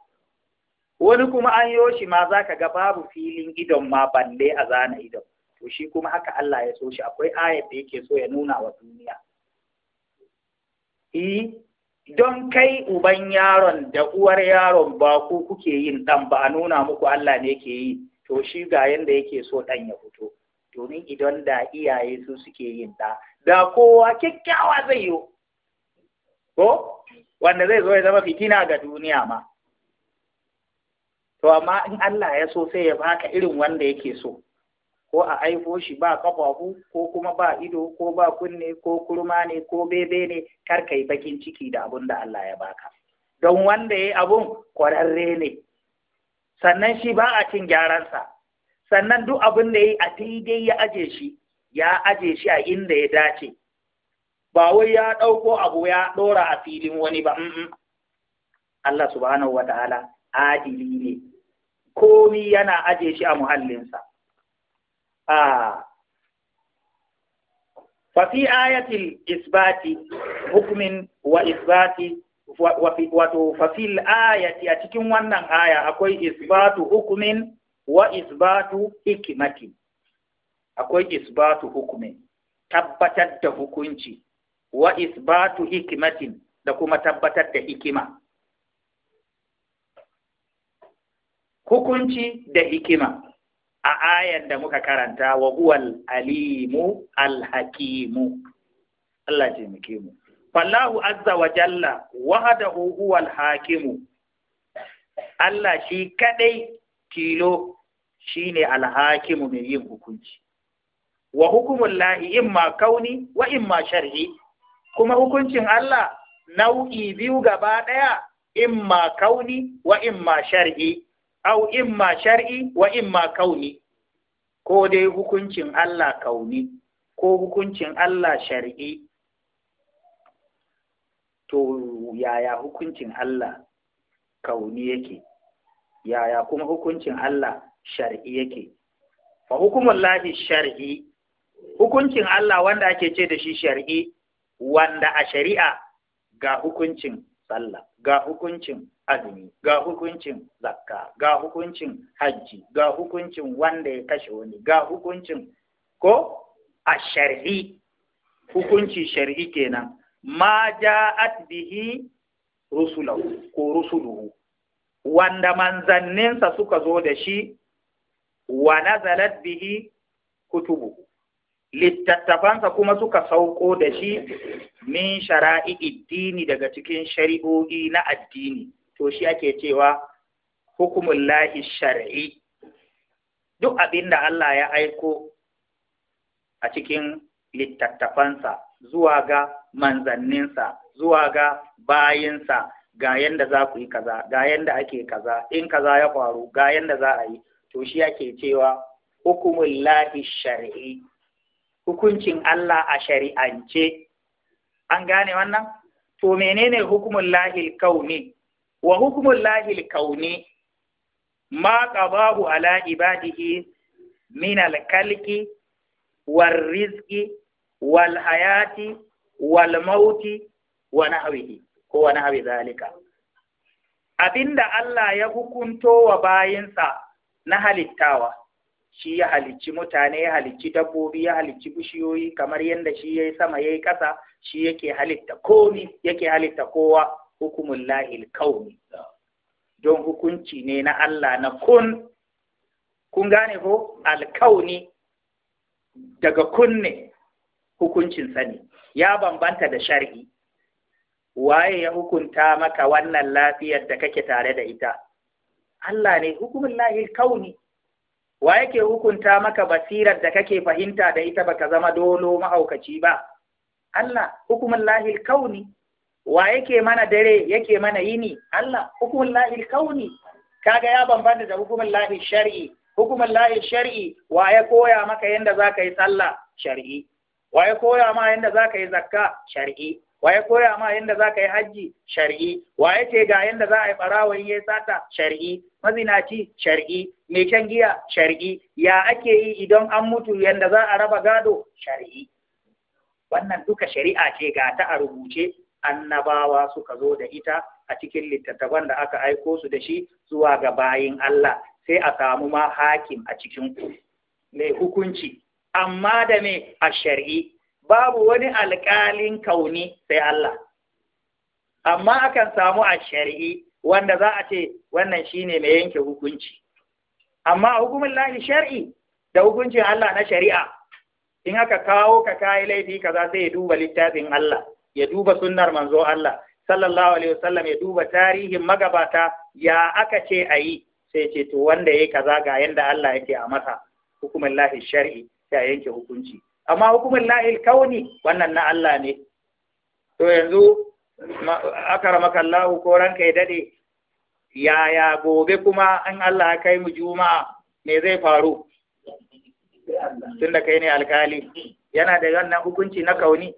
wani kuma an yi shi ma za ka ga babu filin idon ma balle a zana idon to shi kuma haka Allah ya so shi akwai ayat da yake so ya nuna wa duniya eh don kai uban yaron da uwar yaron ba ku kuke yin ɗan ba a nuna muku Allah ne ke yi to shi ga yanda yake so ɗan ya fito domin idan da iyaye su suke yin ɗa da kowa kyakkyawa zai yi ko wanda zai zo ya zama fitina ga duniya ma to amma in Allah ya so sai ya baka irin wanda yake so ko a aiko shi ba ƙafafu ko kuma ba ido ko ba kunne ko kurma ne ko bebe ne kar kai bakin ciki da abun da Allah ya baka don wanda ya abun kwararre ne sannan shi ba a cin sa. sannan duk abin da ya yi a daidai ya aje shi ya aje shi a inda ya dace ba wai ya ɗauko abu ya ɗora a filin wani ba Allah subhanahu wa ta'ala adili ne komi yana aje shi a muhallinsa a fafi a cikin wannan aya akwai isbatu hukumin wa isbatu hikimati tabbatar da hukunci wa isbatu hikimatin da kuma tabbatar da hikima hukunci da hikima a ayan da muka karanta wa huwal alimu alhakimu Allah taimake mu fallahu azza wa jalla wahdahu huwal hakimu Allah shi kadai tilo shine alhakimu mai yin hukunci wa lahi imma kauni wa imma shar'i kuma hukuncin Allah nau'i biyu gaba daya imma kauni wa imma shar'i au imma shar'i wa imma kauni ko dai hukuncin Allah kauni ko hukuncin Allah shar'i to yaya hukuncin Allah kauni yake yaya kuma hukuncin Allah shar'i yake fa hukumullahi shar'i hukuncin Allah wanda ake ce da shi shar'i wanda a shari'a ga hukuncin sallah ga hukuncin azumi ga hukuncin zakka ga hukuncin hajji ga hukuncin wanda ya kashe wani ga hukuncin ko a shari'i hukunci shar'i kenan ma ja'at bihi rusulahu ko rusuluhu wanda manzanninsa suka zo da shi wa nazalat bihi kutubu littattafansa kuma suka sauko da shi min shara'i daga cikin shari'o'i na addini to shi ake cewa hukumun lahi shar'i duk abin da Allah ya aiko a cikin littattafansa zuwa ga manzanninsa zuwa ga bayinsa ga yanda za ku yi kaza ga yanda ake kaza in kaza ya faru ga yanda za a yi to shi ake cewa hukumun lahi shar'i hukuncin Allah a shari'ance an gane wannan to menene hukumul lahil kauni wa hukumul lahil kauni ma ƙabahu ala ibadihi min al wal rizki, wal hayati wal mauti wa hawihi, ko wa hawi zalika abinda Allah ya hukunto wa bayinsa na halittawa shi ya halicci mutane ya halicci dabbobi ya halicci bishiyoyi kamar yadda shi ya yi sama ya yi ƙasa shi yake halitta komi yake halitta kowa hukumun lahil kauni don hukunci ne na Allah na kun kun gane ko alkauni daga kunne hukuncin sani ya bambanta da shari'i waye ya hukunta maka wannan lafiyar da kake tare da ita Allah ne hukumin lahil kauni wa yake hukunta maka basirar da kake fahimta da ita baka zama dolo mahaukaci ba Allah hukumun lahil kauni wa yake mana dare yake mana yini Allah hukumun lahil kauni kaga ya bambanta da hukumun lahil shar'i hukumun lahil shar'i wa ya koya maka yanda zaka yi sallah shar'i wa ya koya ma yanda zaka yi zakka shar'i waye koya ma yanda za ka yi hajji shar'i waye ce ga yanda za a yi barawon ya sata shar'i mazinaci shar'i mai shan giya shar'i ya ake yi idan an mutu yanda za a raba gado shar'i wannan duka shari'a ce ga ta a rubuce annabawa suka zo da ita a cikin littattafan da aka aiko su da shi zuwa ga bayin Allah sai a samu ma hakim a cikin ku mai hukunci amma da me a shar'i babu wani alƙalin kauni sai Allah amma akan samu a shari'i wanda za a ce wannan shine mai yanke hukunci amma a hukumin lahi shari'i da hukuncin Allah na shari'a in aka kawo ka kayi laifi kaza sai ya duba littafin Allah ya duba sunnar manzo Allah sallallahu alaihi wasallam ya duba tarihin magabata ya aka ce a yi, sai ce to wanda yayi kaza ga yanda Allah yake a masa hukumin lahi shari'i ya yanke hukunci amma hukumin lahil kauni wannan na Allah ne to yanzu akaramaka kallahu ko ranka ya dade yaya gobe kuma an Allah ya kai mu juma'a me zai faru tunda kai ne alkali yana da wannan hukunci na kauni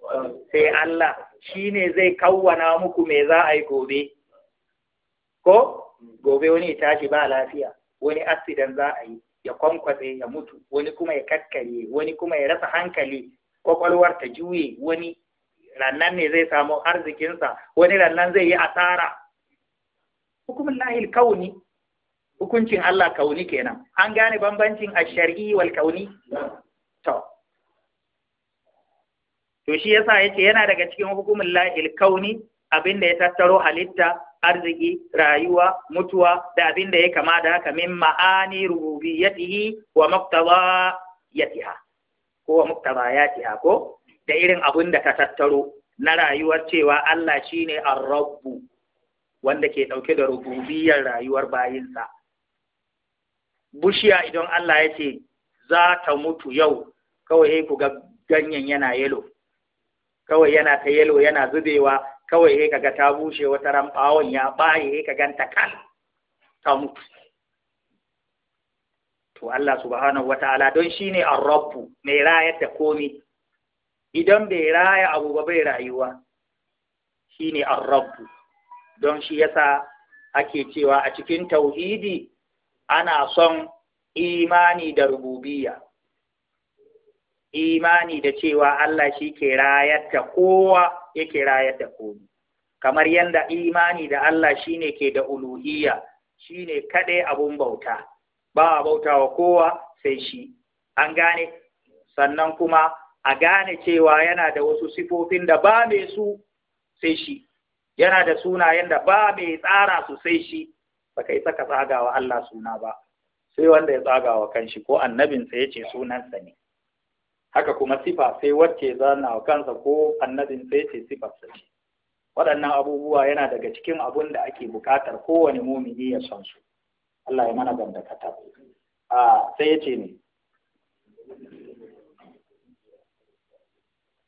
sai Allah shi ne zai kawwana muku me za a yi gobe ko gobe wani tashi ba lafiya wani accident za a yi ya kwankwatse ya mutu wani kuma ya kakkare wani kuma ya rasa hankali kwakwalwar ta juye wani rannan ne zai samu arzikinsa wani rannan zai yi asara hukumin lahil kauni hukuncin Allah kauni kenan an gane bambancin ashari'i wal kauni to to shi yasa yace yana daga cikin hukumin lahil kauni abinda ya tattaro halitta arziki rayuwa mutuwa da abin da ya kama da haka min ma'ani rububiyatihi wa muqtadayatiha ko wa muqtadayatiha ko da irin abin da ka tattaro na rayuwar cewa Allah shine ar-rabbu wanda ke dauke da rububiyar rayuwar bayinsa bushiya idan Allah ya ce za ta mutu yau kawai ku ga ganyen yana yelo kawai yana ta yelo yana zubewa kawai he kaga ta bushe wata ran ya baye he kaga ta kan ta mutu to Allah subhanahu wataala don shine ar-rabb mai raya ta komi idan bai raya abu ba bai rayuwa shine ar-rabb don shi yasa ake cewa a cikin tauhidi ana son imani da rububiyya imani da cewa Allah shi ke rayar da kowa yake rayar da komi kamar yadda imani da Allah shine ke da uluhiyya shine kaɗai abun bauta ba a bauta wa kowa sai shi an gane sannan kuma a gane cewa yana da wasu sifofin da ba mai su sai shi yana da sunayen da ba mai tsara su sai shi ba kai saka tsagawa Allah suna ba sai wanda ya tsagawa kanshi ko annabinsa ya ce sunansa ne haka kuma sifa sai wacce zana kansa ko annabin sai ce sifarsa ce waɗannan abubuwa yana daga cikin abun da ake buƙatar kowane mumini ya san su Allah ya mana ganda kata a sai ya ne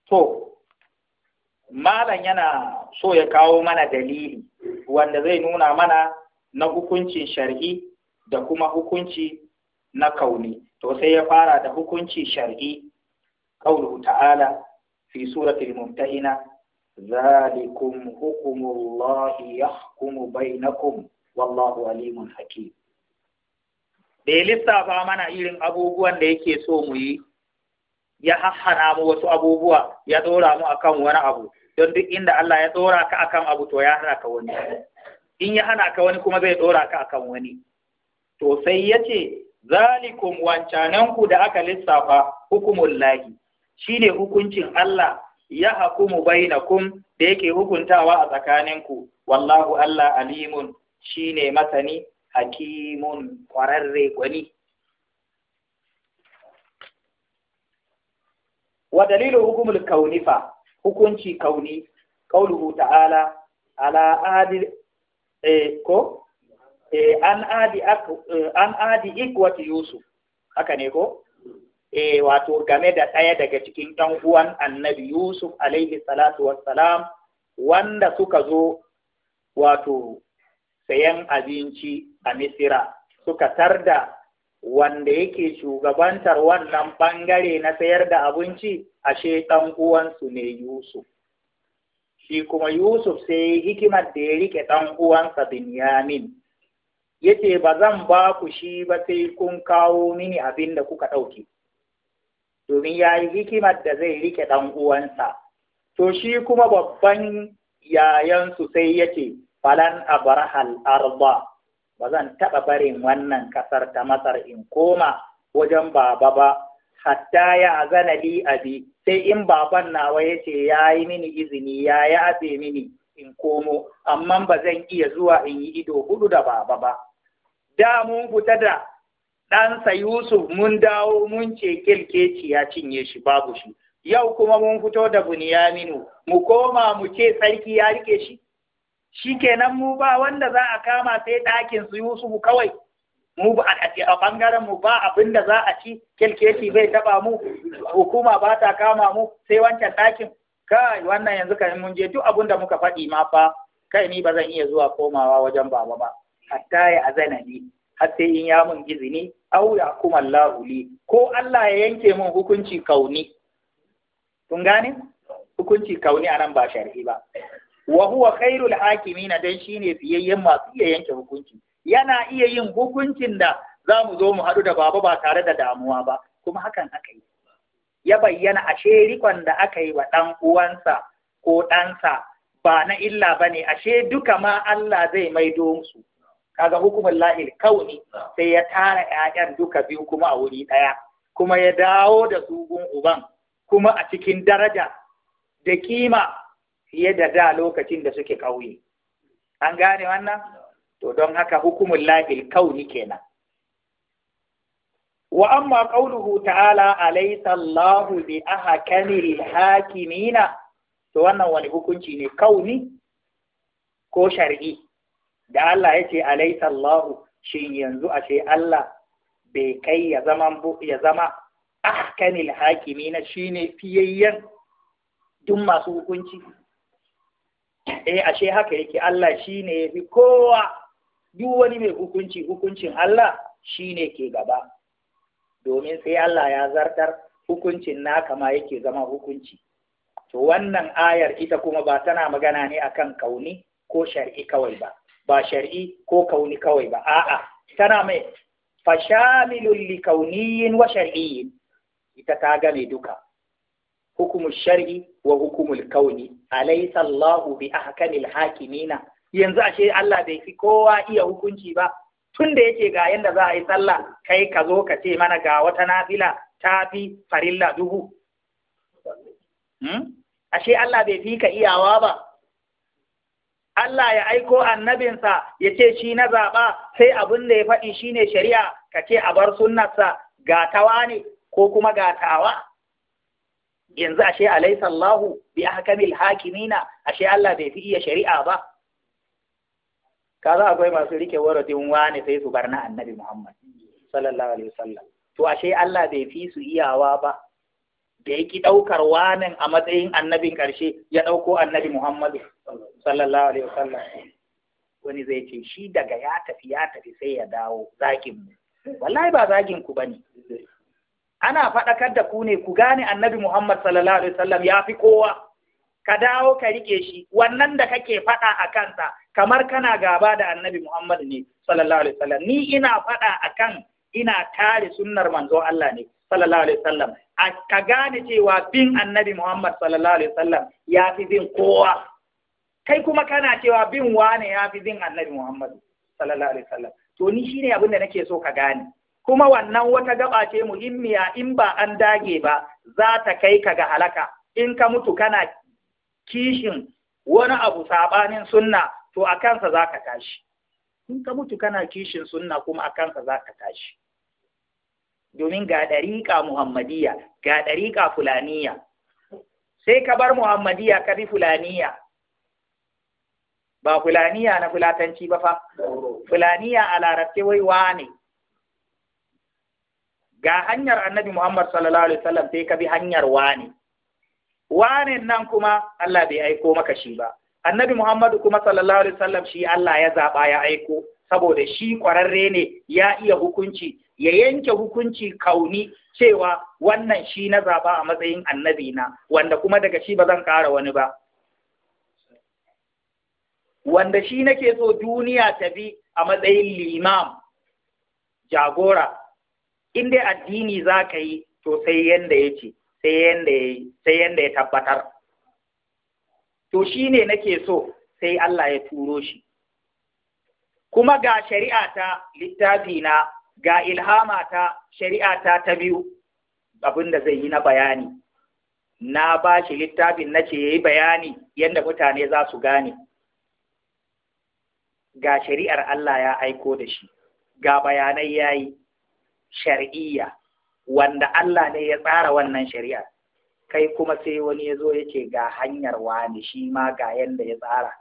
to malam yana so ya kawo mana dalili wanda zai nuna mana na hukuncin shar'i da kuma hukunci na kauni to sai ya fara da hukunci shar'i قوله تعالى في سورة الممتهنة ذلكم حكم الله يحكم بينكم والله عليم حكيم da ya lissafa mana irin abubuwan da yake so mu yi ya hahana mu wasu abubuwa ya tsora mu akan wani abu don duk inda Allah ya tsora ka akan abu to ya hana ka wani in ya hana ka wani kuma zai tsora ka akan wani to sai ya ce zalikum wancananku da aka lissafa hukumullahi." Shi ne hukuncin Allah ya hakumu bainakum da yake hukuntawa a tsakaninku wallahu Allah alimun ne masani hakimun kwararre gwani wa dalilin hukumul kaunifa hukunci kauni ta'ala ala adi eh, ko eh, an adi eh, ikwati yusuf haka ne ko eh wato game da ɗaya daga cikin ɗan uwan annabi Yusuf alaihi salatu wassalam wanda suka zo wato sayan abinci a Misira suka tarda wanda yake shugabantar wannan ɓangare na sayar da abinci ashe ɗan uwansu ne Yusuf. Shi kuma Yusuf sai hikimar da ya rike ɗan uwansa Binyamin. yace ba zan ba ku shi ba sai kun kawo mini abin da kuka ɗauke domin ya yi hikimar da zai rike ɗan uwansa to shi kuma babban yayansu sai yake falan abrahal arba ba zan taɓa barin wannan ƙasar ta masar in koma wajen baba ba hatta ya azana li abi sai in baban nawa ya ce ya yi mini izini ya yi abe mini in komo amma ba zan iya zuwa in yi ido hudu da baba ba da mun fita da ɗansa Yusuf mun dawo mun ce kilkeci ya cinye shi babu shi, yau kuma mun fito da Buniyaminu, mu koma mu ce sarki ya rike shi, shi kenan mu ba wanda za a kama sai ɗakin su Yusuf kawai, mu a ɓangaren mu ba abin da za a ci kilkeci bai taɓa mu, hukuma ba ta kama mu sai wancan ɗakin. Kai wannan yanzu kan mun je duk abin da muka faɗi ma fa kai ni ba zan iya zuwa komawa wajen baba ba, hatta ya azana ni. har sai in ya mun izini au ya kuma lahuli. ko Allah ya yanke mun hukunci kauni kun gane hukunci kauni nan ba shar'i ba wa huwa khairul don dan shine fiyayyen masu iya yanke hukunci yana iya yin hukuncin da za mu zo mu haɗu da baba ba tare da damuwa ba kuma hakan aka yi ya bayyana ashe rikon da aka yi wa ɗan uwansa ko ɗansa ba na illa ba ne ashe duka ma Allah zai maido su kaga hukumar la'il kauni ah. sai ya tara ƴaƴan duka biyu kuma a wuri ɗaya kuma ya dawo da su uban kuma a cikin daraja da kima fiye da da lokacin da suke ƙauye an gane wannan to don haka hukumul la'il kauni kenan wa amma qauluhu ta'ala alaysa Allahu bi ahkamil hakimina to wannan wani hukunci ne kauni ko shar'i da Allah ya ce alaita shin yanzu ashe Allah bai kai ya zama ya zama ahkamil hakimi na shine fiyayyen duk masu hukunci eh ashe haka yake Allah shine yafi kowa duk wani mai hukunci hukuncin Allah shine ke gaba domin sai Allah ya zartar hukuncin na kama yake zama hukunci to wannan ayar ita kuma ba tana magana ne akan kauni ko shar'i kawai ba ba shar'i ko kauni kawai ba a'a tana mai fashamilun likauniyin wa shar'iyyin ita ta game duka hukumul shar'i wa hukumul kauni alaysa Allahu bi ahkamil hakimina yanzu ashe Allah bai fi kowa iya hukunci ba tun da yake ga yanda za a yi sallah kai ka zo ka ce mana ga wata nafila ta fi farilla duhu hmm? ashe Allah bai fi ka iyawa ba Allah ya aiko annabinsa ya ce shi na zaɓa sai abin da ya faɗi shine shari'a ka ce a bar sunnarsa gatawa ne ko kuma gatawa yanzu ashe alaysa Allahu bi mil hakimina ashe Allah bai fi iya shari'a ba kaza akwai masu rike waradin wane sai su bar na annabi Muhammad sallallahu alaihi wasallam to ashe Allah bai fi su iyawa ba da ya ki ɗaukar wanin a matsayin annabin ƙarshe ya ɗauko annabi Muhammadu sallallahu alaihi wasallam wani zai ce shi daga ya tafi ya tafi sai ya dawo zakin mu wallahi ba zakin ku bane ana faɗakar da ku ne ku gane annabi Muhammad sallallahu alaihi wasallam ya fi kowa ka dawo ka rike shi wannan da kake faɗa a kansa kamar kana gaba da annabi Muhammad ne sallallahu alaihi wasallam ni ina faɗa akan ina tare sunnar manzo Allah ne sallallahu alaihi wasallam ka gane cewa bin annabi Muhammad sallallahu alaihi wasallam ya fi bin kowa kai kuma kana cewa bin wane ya fi bin annabi Muhammadu sallallahu alaihi wasallam to ni shine abin da nake so ka gane kuma wannan wata gaba ce muhimmiya in ba an dage ba za ta kai ka ga halaka in ka mutu kana kishin wani abu sabanin sunna to a kansa za ka tashi in ka mutu kana kishin sunna kuma a kansa za ka tashi domin ga ɗariƙa muhammadiya ga ɗariƙa fulaniya sai ka bar muhammadiya ka bi fulaniya ba fulaniya na fulatanci ba fa fulaniya a larabci wai wane ga hanyar annabi Muhammad sallallahu alaihi wasallam sai ka bi hanyar wane wane nan kuma Allah bai aiko maka shi ba annabi Muhammad kuma sallallahu alaihi wasallam shi Allah ya zaba ya aiko saboda shi kwararre ne ya iya hukunci ya yanke hukunci kauni cewa wannan shi na zaba a matsayin annabi na wanda kuma daga shi ba zan ƙara wani ba wanda shi nake so duniya ta bi a matsayin limam jagora in addini za ka yi to sai yanda ya ce sai yanda ya sai yanda ya tabbatar to shi ne nake so sai Allah ya turo shi kuma ga shari'a ta littafi na ga ilhama ta shari'a ta ta biyu abin da zai yi na bayani na ba shi littafin na ce ya yi bayani yadda mutane za su gane ga shari'ar Allah ya aiko da shi ga bayanai yayi shar'iyya wanda Allah ne ya tsara wannan shari'ar kai kuma sai wani ya zo ya ga hanyar wani shi ma ga yanda ya tsara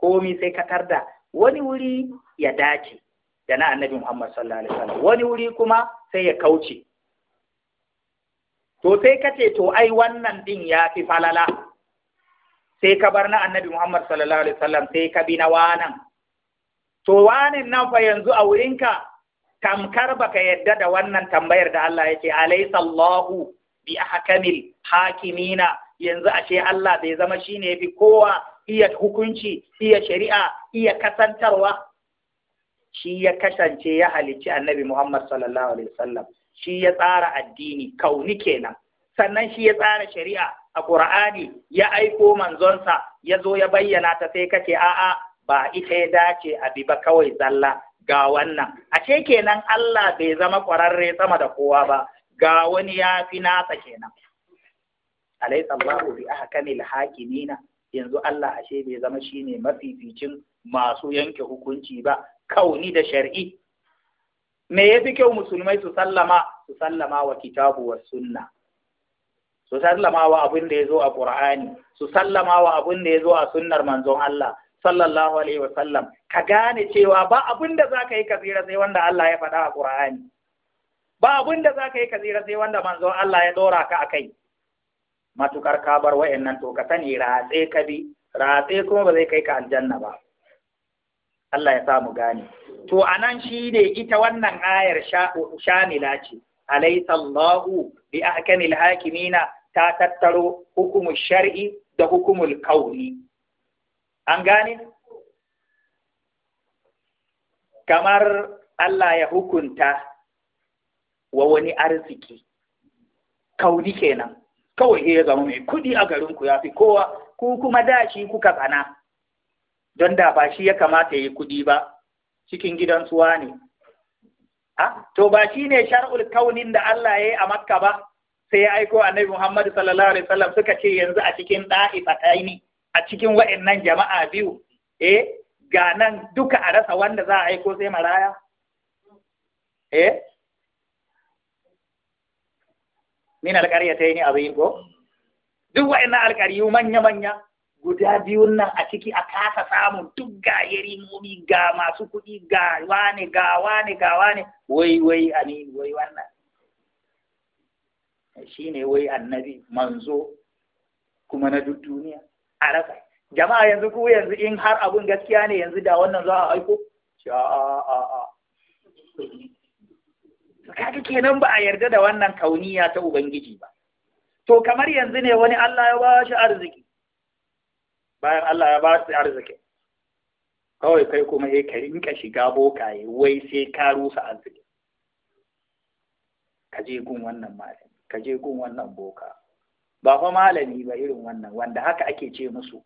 komi sai ka tarda wani wuri ya dace da na annabi Muhammad sallallahu alaihi wani wuri kuma sai ya kauce to sai ka ce to ai wannan ɗin ya fi falala sai ka bar na annabi Muhammad sallallahu alaihi sai ka bi na wanan to wani nan fa yanzu a wurinka tamkar baka yadda da wannan tambayar da Allah yake alaysa Allahu bi ahkamil hakimina yanzu ashe Allah bai zama shine yafi kowa iya hukunci iya shari'a iya kasantarwa shi ya kasance ya halicci annabi Muhammad sallallahu alaihi wasallam shi ya tsara addini kauni kenan sannan shi ya tsara shari'a a Qur'ani ya aiko manzonsa ya zo ya bayyana ta sai kace a'a ba ita ya dace a bi ba kawai zalla ga wannan ashe kenan Allah bai zama kwararre sama da kowa ba ga wani ya fi nasa kenan alaysa sallahu bi ahkamil hakimina yanzu Allah ashe bai zama shine mafificin masu yanke hukunci ba kauni da shar'i me yafi kyau musulmai su sallama su sallama wa kitabu wa sunna su sallama wa abin da ya zo a Qur'ani su sallama wa abin da ya zo a sunnar manzon Allah sallallahu alaihi wa sallam. ka gane cewa ba abin da za ka yi kazira sai wanda Allah ya faɗa a Qur'ani ba abin da za ka yi kazira sai wanda manzon Allah ya dora ka akai matukar ka bar nan to ka sani ratse ka bi ratse kuma ba zai kai ka aljanna ba Allah ya sa mu gane to anan shine ita wannan ayar shamila ce alaysa Allahu bi ahkamil hakimina ta tattaro hukumul shar'i da hukumul qawli an gani? kamar Allah ya hukunta wa wani arziki kauni kenan kawai ya zama mai kudi a garinku ya fi kowa ku kuma da shi kuka tsana don da ba shi ya kamata ya yi kudi ba cikin gidan suwa ne to ba shi ne shar'ul kaunin da Allah ya yi a makka ba sai ya aiko annabi Muhammad sallallahu alaihi wasallam suka ce yanzu a cikin da'ifa taini a cikin wa'annan jama'a biyu eh ga nan duka a rasa wanda za a aiko sai maraya eh min ni abin ko duk wa'annan alƙaryu manya manya guda biyun nan a ciki a kasa samun duk ga nomi ga masu kuɗi ga wane ga wane ga wane wai wai amin wai wannan shi ne wai annabi manzo kuma na duk duniya a rasa jama'a yanzu ku yanzu in har abun gaskiya ne yanzu da wannan za a aiko kaga kenan ba a yarda da wannan kauniya ta ubangiji ba to kamar yanzu ne wani Allah ya ba shi arziki bayan Allah ya ba shi arziki kawai kai kuma sai ka rinka shiga bokaye wai sai ka rusa arziki ka je gun wannan malami ka je gun wannan boka ba fa malami ba irin wannan wanda haka ake ce musu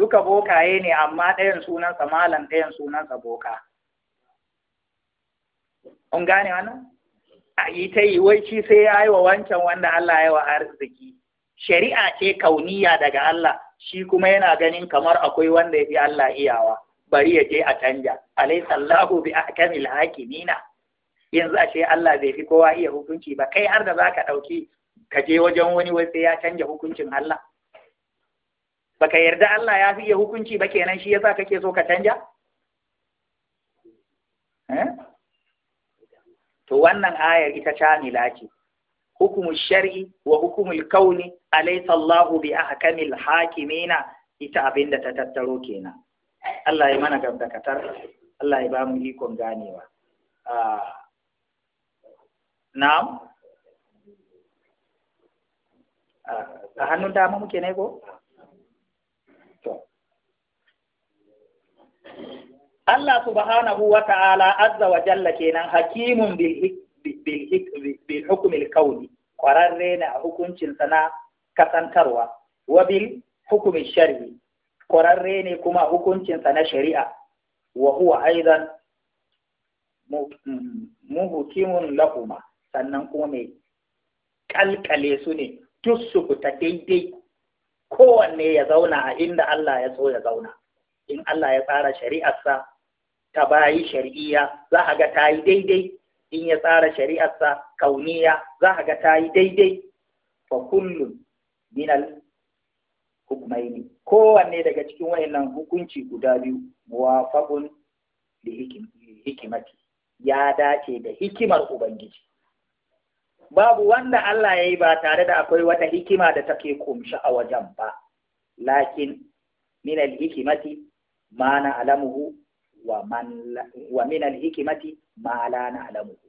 duka bokaye ne amma ɗayan sunansa malam ɗayan sunansa boka kun gane wannan a yi ta yi wai shi sai ya yi wa wancan wanda Allah ya wa arziki shari'a ce kauniya daga Allah shi kuma yana ganin kamar akwai wanda ya fi Allah iyawa bari ya je a canja alaysa Allahu bi ahkamil hakimina yanzu ashe Allah bai fi kowa iya hukunci ba kai har da zaka ɗauki ka je wajen wani wai sai ya canja hukuncin Allah baka yarda Allah ya fiye hukunci ba kenan shi yasa kake so ka canja eh? to wannan ayar ita camila ce hukumu shar'i wa hukumul kauni alaysa Allahu bi ahkamil hakimina ita abinda ta tattaro kenan Allah ya mana gamdakatar Allah ya ba mu ikon ganewa ah. na'am a hannun dama muke ne ko to Allah subhanahu wa ta'ala azza wa jalla kenan hakimun bil hukumil kauni kwararre ne a hukuncin sana kasantarwa wa bil hukumin shari'i kwararre ne kuma hukuncinsa na shari'a wa huwa aidan muhukimun lahuma sannan kuma mai kalkale su ne duk su fita daidai kowanne ya zauna a inda Allah ya so ya zauna in Allah ya tsara shari'arsa ta bayi shari'iyya za a ga ta yi daidai in ya tsara shari'arsa kauniya za a ga ta yi daidai fa kullum minal hukumaini kowanne daga cikin wayannan hukunci guda biyu muwafaqun li hikimati ya dace da hikimar ubangiji babu wanda Allah ya yi ba tare da akwai wata hikima da take kumshi a wajen ba lakin min al-hikimati ma na alamuhu wa wa min al-hikimati ma la na alamuhu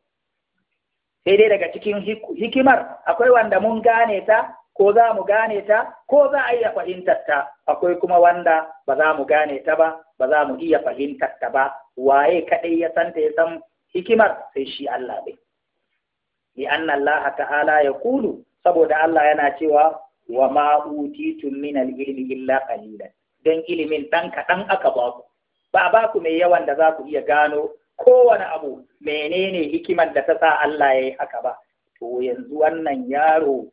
sai dai daga cikin hikimar akwai wanda mun gane ta ko za mu gane ta ko za a iya fahimtar ta akwai kuma wanda ba za mu gane ta ba ba za mu iya fahimtar ta ba waye kadai ya santa ya san hikimar sai shi Allah bai bi anna Allah ta'ala ya kulu saboda Allah yana cewa wa ma utitum min al-ilmi illa qalilan dan ilimin dan kaɗan aka ba ku ba ba ku mai yawan da za ku iya gano kowane abu menene hikimar da ta sa Allah ya yi haka ba to yanzu wannan yaro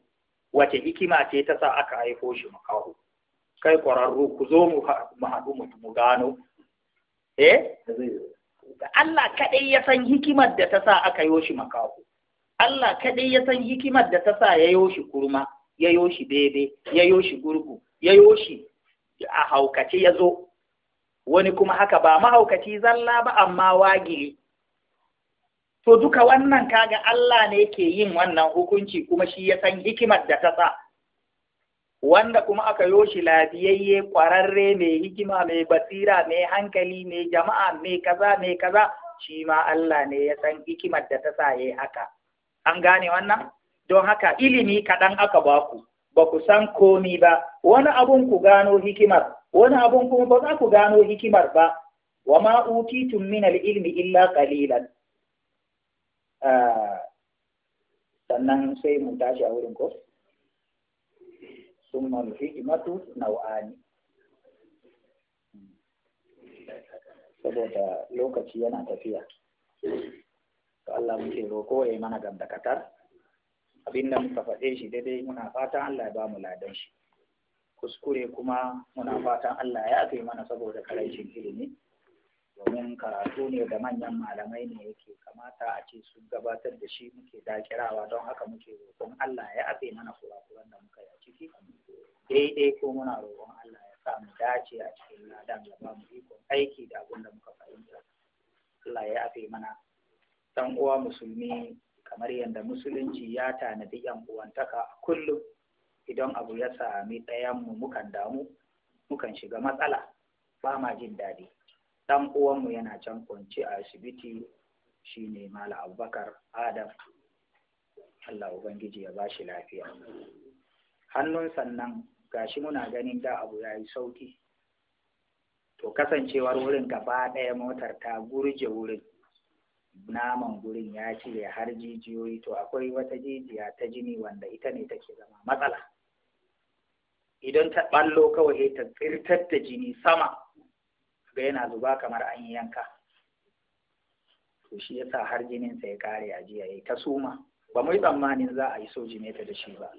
wace hikima ce ta sa aka haifo shi makaho kai kwararru ku zo mu haɗu mu gano eh Allah kaɗai ya san hikimar da ta sa aka yi shi makaho Allah kaɗai ya san hikimar da ta sa ya yoshi kurma, ya yoshi bebe, ya yoshi gurgu, ya yoshi a haukace ya zo, wani kuma haka ba mahaukaci zalla ba amma wagili. To duka wannan kaga Allah ne ke yin wannan hukunci kuma shi ya san hikimar da ta sa. Wanda kuma aka yoshi lafiyayye kwararre mai hikima mai basira mai hankali mai jama'a mai kaza mai kaza shi ma Allah ne ya san hikimar da ta sa ya yi haka. an gane wannan don haka ilimi kaɗan aka baku ba ku san komi ba wani abun ku gano hikimar wani abun kuma ba za ku gano hikimar ba wa ma utitum min ilmi illa qalilan ah, sannan sai mu tashi a wurin ko summa al-hikmatu naw'ani saboda lokaci yana tafiya to Allah muke roko ya yi mana gamdakatar abin da muka faɗe shi daidai muna fatan Allah ya ba mu ladan shi kuskure kuma muna fatan Allah ya kai mana saboda karancin ilimi domin karatu ne da manyan malamai ne yake kamata a ce sun gabatar da shi muke dakirawa don haka muke roƙon Allah ya afe mana kurakuran da muka yi a ciki daidai ko muna roƙon Allah ya sa mu dace a cikin ladan ya ba mu ikon aiki da abin da muka fahimta Allah ya afe mana ɗan uwa musulmi kamar yadda musulunci ya tanadi yan uwantaka a kullum idan abu ya sami ɗayan mu mukan damu mukan shiga matsala ba ma jin daɗi ɗan uwanmu yana can kwance a asibiti shine mala abubakar adam allah ubangiji ya bashi lafiya hannun sannan gashi muna ganin da abu ya yi sauki to kasancewar wurin gaba ɗaya motar ta gurje wurin naman gurin ya cire har jijiyoyi to akwai wata jijiya ta jini wanda ita ne take zama matsala idan ta ɓallo kawai ta tsirtar da jini sama ga yana zuba kamar an yi yanka to shi ya sa har jininsa ya kare a jiya ya ta suma ba mu yi tsammanin za a yi so ta da shi ba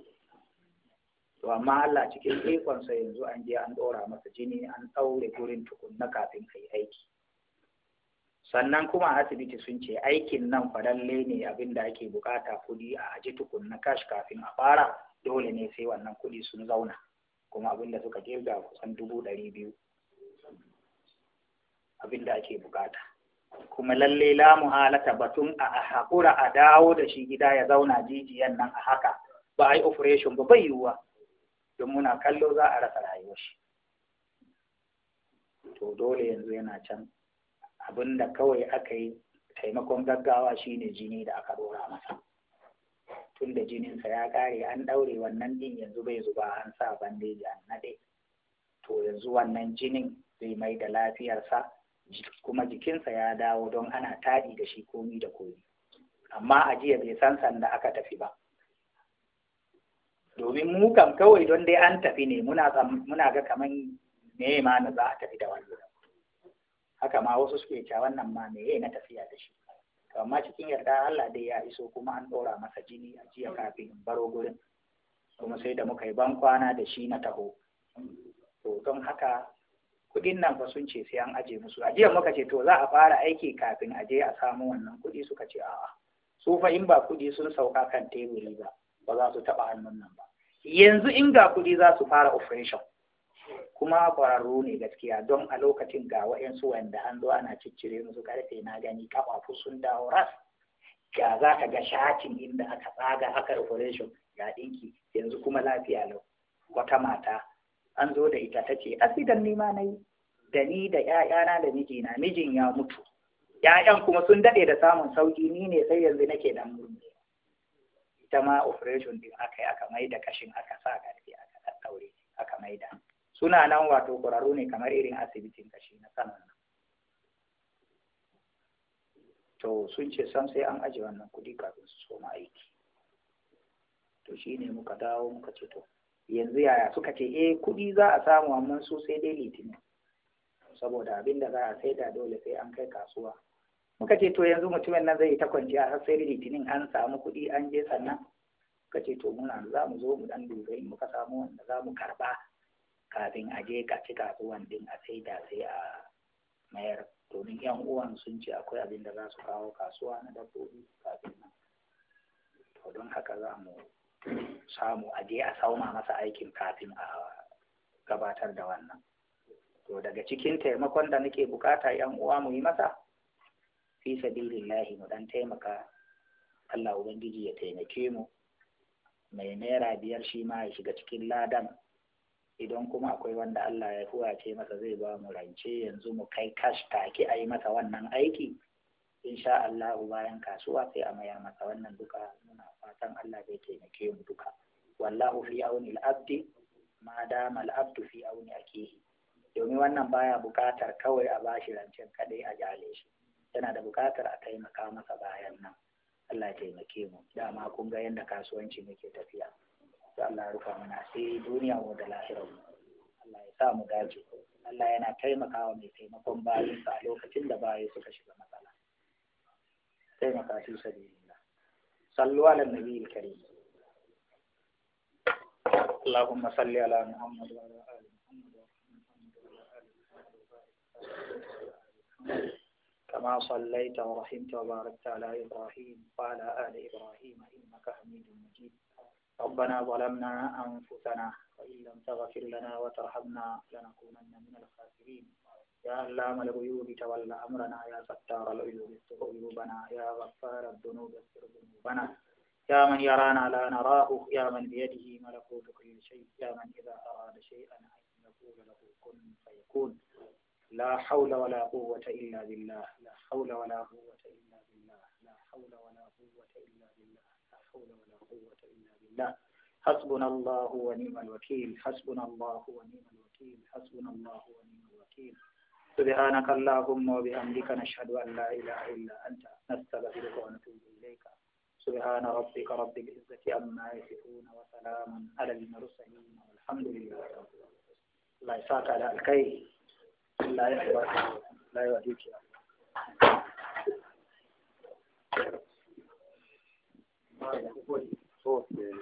to amma Allah cikin ikonsa yanzu an je an ɗora masa jini an ɗaure gurin tukunna kafin ka yi aiki sannan kuma asibiti sun ce aikin nan falalle ne abin da ake bukata kuɗi a aji tukun na kash kafin a fara dole ne sai wannan kuɗi sun zauna kuma abin da suka kirga kusan dubu ɗari biyu abin da ake bukata kuma lalle la muhalata batun a haƙura a dawo da shi gida ya zauna jijiyan nan a haka ba a yi operation ba bai yiwuwa don muna kallo za a rasa rayuwar shi to dole yanzu yana can Abin da kawai aka yi taimakon gaggawa shine jini da aka dora masa tun da jininsa ya kare an daure wannan din yanzu bai zuba an sa bandeji an nade to yanzu wannan jinin zai mai da lafiyarsa kuma jikinsa ya dawo don ana taɗi da shi komi da komi amma a jiya bai san sanda aka tafi ba domin mu kam kawai don dai an tafi ne muna ga kamar ne ma na za a tafi da wannan haka ma wasu suke cewa wannan ma meye na tafiya da shi to amma cikin yarda Allah dai ya iso kuma an ɗora masa jini a jiya kafin baro gurin kuma sai da muka yi ban kwana da shi na taho to don haka kuɗin nan fa sun ce sai an aje musu a jiya muka ce to za a fara aiki kafin a je a samu wannan kuɗi suka ce a'a su fa in ba kuɗi sun sauka kan teburi ba ba za su taɓa hannun nan ba yanzu in ga kuɗi za su fara operation kuma kwararru ne gaskiya don a lokacin ga wa'yansu wanda an zo ana ciccire musu karfe na gani kafafu sun dawo ras ga za ka ga shatin inda aka tsaga aka operation ga ɗinki yanzu kuma lafiya lau wata mata an zo da ita ta ce asidan nima na yi da ni da ‘ya'yana da mijina mijin ya mutu ‘ya'yan kuma sun daɗe da samun sauƙi ni ne sai yanzu nake dan murmi ita ma operation din aka yi aka mai da kashin aka sa ƙarfi aka ɗaɗɗaure aka maida. suna nan wato ƙwararru ne kamar irin asibitin kashi na sanan nan to sun ce san sai an ajiye wannan kuɗi kafin su soma aiki to shi ne muka dawo muka ce to yanzu yaya suka ce eh kuɗi za a samu amma su sai dai litinin saboda abin da za a saida dole sai an kai kasuwa muka ce to yanzu mutumin nan zai ta kwanciya har sai litinin an samu kuɗi an je sannan muka ce to muna za mu zo mu dan dubai muka samu wanda za mu karba kafin a je ka ci kasuwan din a sai da sai a mayar domin yan uwan sun ce akwai abin da za su kawo kasuwa na dabbobi kafin nan to don haka za mu samu a je a sauma masa aikin kafin a gabatar da wannan to daga cikin taimakon da nake bukata yan uwa mu yi masa fi sabilillahi mu dan taimaka Allah ubangiji ya taimake mu mai naira biyar shi ma ya shiga cikin ladan idan kuma akwai wanda Allah ya ce masa zai ba mu rance yanzu mu kai kash take a yi masa wannan aiki insha Allah bayan kasuwa sai a maya masa wannan duka muna fatan Allah zai taimake mu duka wallahu fi auni al-abdi ma dama al-abdu fi auni akihi domin wannan baya bukatar kawai a bashi rancen kadai a jale shi yana da bukatar a taimaka masa bayan nan Allah ya taimake mu dama kun ga yadda kasuwanci muke tafiya sai Allah ya rufa mana sai duniya mu da lahirar Allah ya sa mu dace Allah yana taimakawa mai taimakon bayan bayinsa a lokacin da bayi suka shiga matsala taimaka shi sabilillah sallu ala nabiyil karim اللهم صل wa محمد وعلى آل محمد كما صليت ورحمت وباركت على إبراهيم وعلى آل إبراهيم إنك حميد مجيد ربنا ظلمنا أنفسنا وإن لم تغفر لنا وترحمنا لنكونن من الخاسرين يا علام الغيوب تولى أمرنا يا ستار العيوب استر عيوبنا يا غفار الذنوب استر ذنوبنا يا من يرانا لا نراه يا من بيده ملكوت كل شيء يا من إذا أراد شيئا أن يقول له كن فيكون لا حول ولا قوة إلا بالله لا حول ولا قوة إلا بالله لا حول ولا قوة إلا بالله حول ولا قوة إلا بالله حسبنا الله ونعم الوكيل حسبنا الله ونعم الوكيل حسبنا الله ونعم الوكيل سبحانك اللهم وبحمدك نشهد أن لا إله إلا أنت نستغفرك ونتوب إليك سبحان ربك رب العزة عما يصفون وسلام على المرسلين والحمد لله رب العالمين الله يساك على الكي لا يحبك لا الله Thank you. Fourth grade.